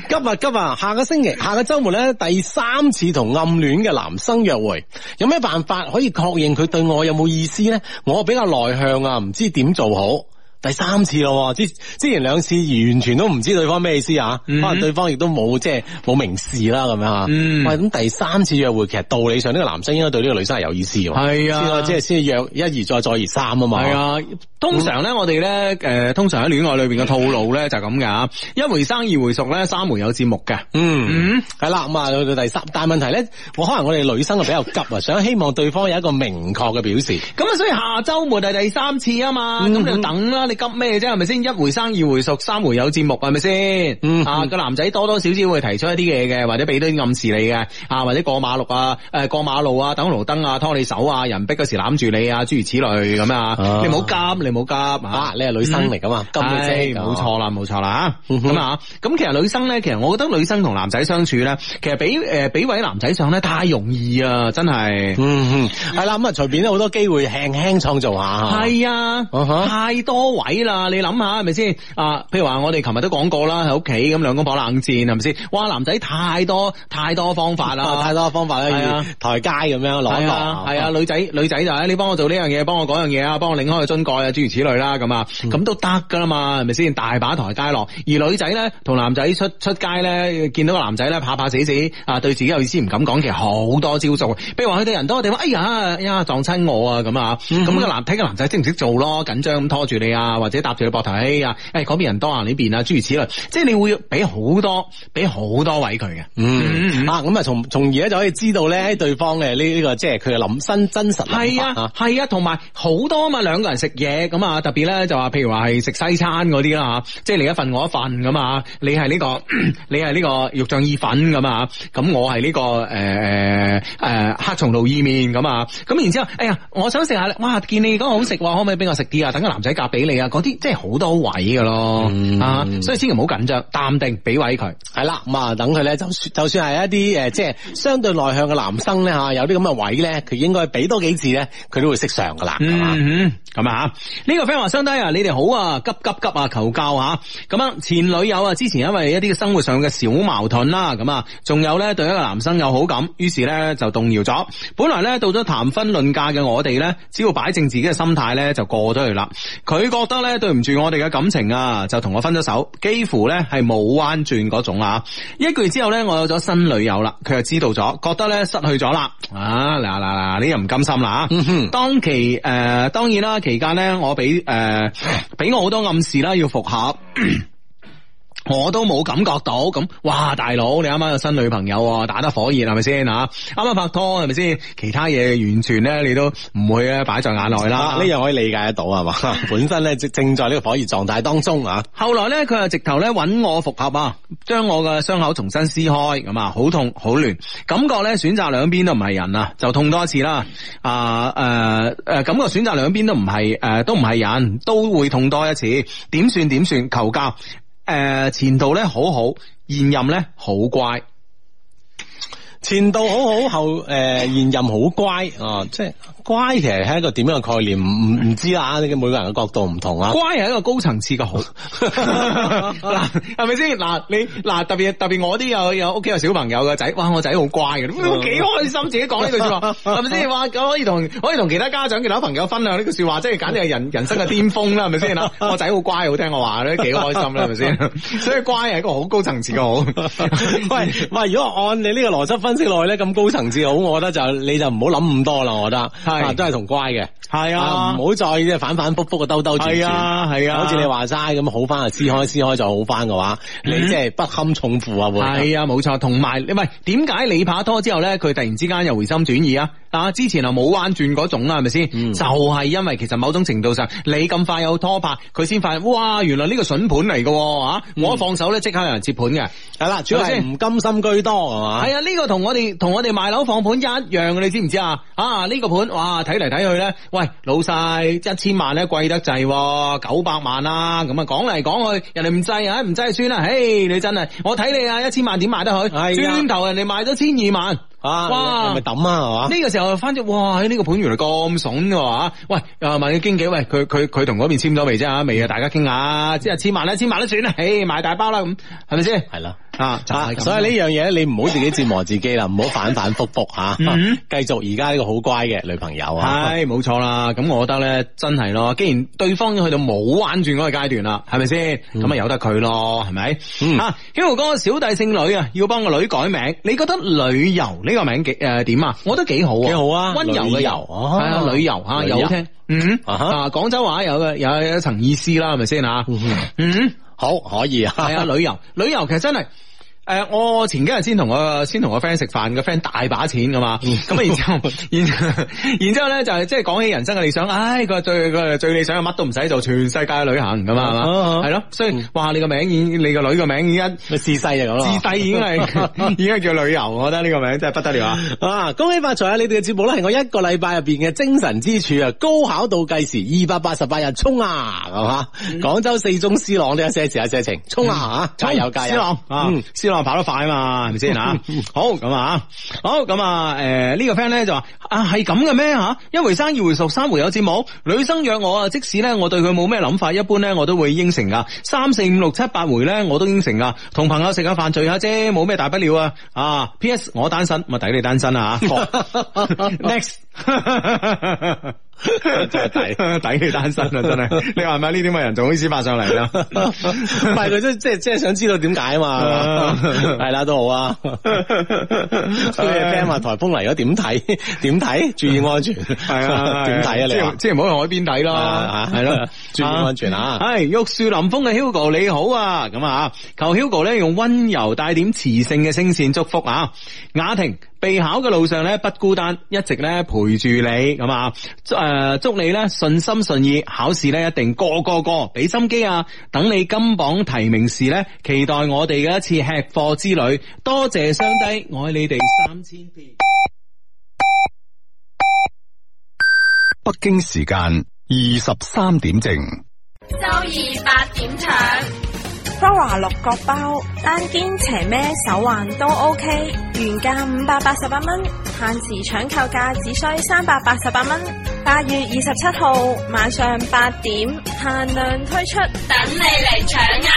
今日，今日，下個星期下個周末咧，第三次同暗戀嘅男生約會，有咩辦法可以確認佢對我有冇意思咧？我比較內向啊，唔知點做好。第三次咯，之之前兩次完全都唔知對方咩意思啊，可能、mm hmm. 對方亦都冇即係冇明示啦咁樣啊，咁、mm hmm. 第三次約會其實道理上呢個男生應該對呢個女生係有意思喎，係啊，即係先約一而再再而三啊嘛，係啊，通常咧我哋咧誒通常喺戀愛裏邊嘅套路咧就咁嘅，一回生二回熟咧三回有節目嘅，嗯、mm，係、hmm. 啦，咁啊去到第三，但係問題咧，我可能我哋女生啊比較急啊， [LAUGHS] 想希望對方有一個明確嘅表示，咁啊，所以下周末係第三次啊嘛，咁、mm hmm. 你就等啦。你急咩啫？係咪先一回生二回熟，三回有節目係咪先？嗯啊，個男仔多多少少會提出一啲嘢嘅，或者俾啲暗示你嘅啊，或者過馬路啊，誒過馬路啊，等紅燈啊，拖你手啊，人逼嗰時攬住你啊，諸如此類咁啊。你唔好急，你唔好急吓，你係女生嚟噶嘛？係，冇錯啦，冇錯啦吓。咁啊，咁其實女生咧，其實我覺得女生同男仔相處咧，其實俾誒俾位男仔上咧太容易啊，真係。嗯，係啦，咁啊，隨便都好多機會輕輕創造下。係啊，太多。鬼啦，你諗下係咪先？啊，譬如話我哋琴日都講過啦，喺屋企咁兩公婆冷戰係咪先？哇，男仔太多太多方法啦，太多方法啦，係 [LAUGHS] 啊，以台階咁樣落，係啊，啊嗯、女仔女仔就係、是、你幫我做呢樣嘢，幫我講樣嘢啊，幫我擰開個樽蓋啊，諸如此類啦，咁啊，咁、嗯、都得噶啦嘛，係咪先？大把台階落，而女仔咧同男仔出出街咧，見到個男仔咧怕怕死死啊，對自己有意思唔敢講，其實好多招數，譬如話佢哋人多，嘅地方哎呀哎呀撞親我啊咁啊，咁、嗯、個男睇個男仔識唔識做咯，緊張咁拖住你啊。啊或者搭住佢膊頭，哎呀，誒嗰邊人多啊呢邊啊，諸如此類，即係你會俾好多，俾好多位佢嘅。嗯，嗯嗯嗯啊，咁啊，從從而咧就可以知道咧，對方嘅呢呢個即係佢嘅內心真實諗法啊，係啊，同埋好多啊嘛，兩個人食嘢咁啊，特別咧就話，譬如話係食西餐嗰啲啦吓，即係你一份我一份咁啊，你係呢、這個你係呢個肉醬意粉咁啊，咁、啊、我係呢、這個誒誒誒黑松露意麵咁啊，咁、啊、然之後，哎呀，我想食下，哇，見你嗰個好食，哇、啊，可唔可以俾我食啲啊？等個男仔夾俾你。啊，嗰啲即係好多位噶咯，啊、嗯，所以千祈唔好緊張，淡定俾位佢，係啦，咁啊，等佢咧就就算係一啲誒，即係相對內向嘅男生咧吓，有啲咁嘅位咧，佢應該俾多幾次咧，佢都會識上噶啦，咁啊呢個 friend 話：，兄弟啊，你哋好啊，急急急啊，求教吓，咁啊，前女友啊，之前因為一啲生活上嘅小矛盾啦，咁啊，仲有咧對一個男生有好感，於是咧就動搖咗，本來咧到咗談婚論嫁嘅我哋咧，只要擺正自己嘅心態咧，就過咗去啦，佢個。覺得咧，對唔住我哋嘅感情啊，就同我分咗手，幾乎咧係冇彎轉嗰種啦。一個月之後咧，我有咗新女友啦，佢就知道咗，覺得咧失去咗啦。啊嗱嗱嗱，你又唔甘心啦吓。嗯、哼當期誒、呃，當然啦，期間咧我俾誒俾我好多暗示啦，要復合。 [COUGHS] 我都冇感覺到，咁哇大佬，你啱啱有新女朋友，打得火熱係咪先啊？啱啱拍拖係咪先？其他嘢完全咧，你都唔會擺在眼內啦。呢樣可以理解得到係嘛？是是 [LAUGHS] 本身咧正在呢個火熱狀態當中啊。後來咧，佢又直頭咧揾我復合啊，將我嘅傷口重新撕開，咁啊好痛好亂，感覺咧選擇兩邊都唔係人啊，就痛多次啦。啊誒誒，感覺選擇兩邊都唔係誒都唔係、呃、人都會痛多一次，點算點算求教。誒、呃，前度咧好好，現任咧好乖。前度好好，後誒、呃、現任好乖啊，即係。乖其實係一個點樣嘅概念，唔唔唔知啊，你每個人嘅角度唔同啊。乖係一個高層次嘅好，嗱係咪先？嗱你嗱特別特別我啲有有屋企有小朋友嘅仔，哇我仔好乖嘅，幾、啊啊、開心自己講呢句說話，係咪先？話、啊、可以同可以同其他家長、其他朋友分享呢句說話，即係簡直係人 [LAUGHS] 人生嘅巔峰啦，係咪先？我仔好乖，好聽我話咧，幾開心啦，係咪先？ [LAUGHS] 所以乖係一個好高層次嘅好。喂，喂，如果按你呢個邏輯分析落去咧，咁高層次嘅好，我覺得就你就唔好諗咁多啦，我覺得。啊，都係同乖嘅，係啊，唔好、啊、再即係反反覆覆嘅兜兜轉轉，係啊，係啊，好似你話齋咁好翻啊，撕開撕開就好翻嘅話，你即係不堪重負啊，會係啊，冇錯，同埋你唔係點解你拍拖之後咧，佢突然之間又回心轉意啊？但、啊、之前又冇彎轉嗰種啦，係咪先？嗯、就係因為其實某種程度上，你咁快有拖拍，佢先發現，哇，原來呢個筍盤嚟嘅，吓、啊，嗯、我一放手咧即刻有人接盤嘅。係啦，主要係唔甘心居多，係嘛？係啊，呢、啊這個同我哋同我哋賣樓放盤一樣嘅，你知唔知啊？啊，呢、這個盤，哇，睇嚟睇去咧，喂，老細，一千萬咧貴得滯，九百萬啊，咁啊講嚟講去，人哋唔制啊，唔制算啦，唉，你真係，我睇你啊，一千萬點賣得去？係是啊，先頭人哋賣咗千二萬。啊，我咪抌啊，係嘛哇？呢個時候又翻咗，哇！呢、呢個盤原來咁慫㗎，喂，啊問嘅經紀，喂，佢佢佢同嗰邊簽咗未啫？未啊？大家傾下，即係千萬啦，千萬都算啦，唉，買大包啦，咁係咪先？係啦。啊，所以呢樣嘢你唔好自己折磨自己啦，唔好反反复覆吓，繼續而家呢個好乖嘅女朋友啊，係冇錯啦。咁我覺得咧，真係咯，既然對方去到冇玩轉嗰個階段啦，係咪先？咁啊由得佢咯，係咪？啊，小哥小弟姓女啊，要幫個女改名，你覺得旅游呢個名幾誒點啊？我覺得幾好，幾好啊，温柔嘅游，啊旅游吓又好聽，嗯啊，廣州話有嘅有一層意思啦，係咪先吓？嗯嗯，好可以啊，係啊旅游，旅游其實真係。誒、呃，我前幾日先同我先同我 friend 食飯，個 friend 大把錢噶嘛，咁、嗯、然之後， [LAUGHS] 然然之後咧就係即係講起人生嘅理想，唉、哎，佢最最理想嘅乜都唔使做，全世界旅行噶嘛，係咯，所以，哇，你個名，你個女個名，已而咪「世世啊，咁咯，世世已經係， [LAUGHS] 已經係叫旅遊，我覺得呢個名真係不得了啊！啊，恭喜發財、啊、你哋嘅節目咧係我一個禮拜入邊嘅精神支柱啊！高考倒計時二百八十八日，衝啊！係、嗯、嘛，廣、嗯、州四中師朗呢一些事啊，一些情、嗯，衝啊！加油加油，師朗。啊嗯跑得快啊嘛，係咪先吓？好咁、呃這個、啊，好咁啊，誒呢個 friend 咧就話啊係咁嘅咩吓？一回生二回熟，三回有節目。女生約我啊，即使咧我對佢冇咩諗法，一般咧我都會應承噶。三四五六七八回咧，我都應承噶。同朋友食下飯聚下啫，冇咩大不了啊。啊，P.S. 我單身，咪大家你單身啊。 [LAUGHS] Next [LAUGHS] 真係抵，抵佢單身啊！真係，你話係咪呢啲咁嘅人仲好意思發上嚟？啦？唔係佢都即係即係想知道點解啊嘛，係啦都好啊。所以聽話台風嚟咗點睇？點睇？注意安全係 [LAUGHS] 啊？點睇啊，啊？你即係即係唔好去海邊睇咯，係咯？注意安全啊！係玉樹臨風嘅 Hugo，你好啊！咁啊，求 Hugo 呢用溫柔帶點磁性嘅聲線祝福啊！雅婷。備考嘅路上咧不孤單，一直咧陪住你咁啊！誒、呃，祝你咧順心順意，考試咧一定個個過，俾心機啊！等你金榜題名時咧，期待我哋嘅一次吃貨之旅。多謝雙低，愛你哋三千遍。北京時間二十三點正，周二八點場。Flora 六角包，單肩斜孭、手環都 OK，原價五百八十八蚊，限時搶購價只需三百八十八蚊。八月二十七號晚上八點限量推出，等你嚟搶啊！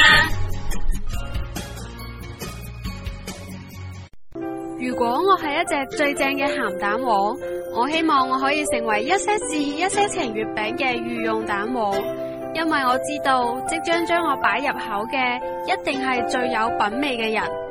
如果我係一隻最正嘅鹹蛋黃，我希望我可以成為一些事、一些情月餅嘅御用蛋黃。因為我知道，即將將我擺入口嘅，一定係最有品味嘅人。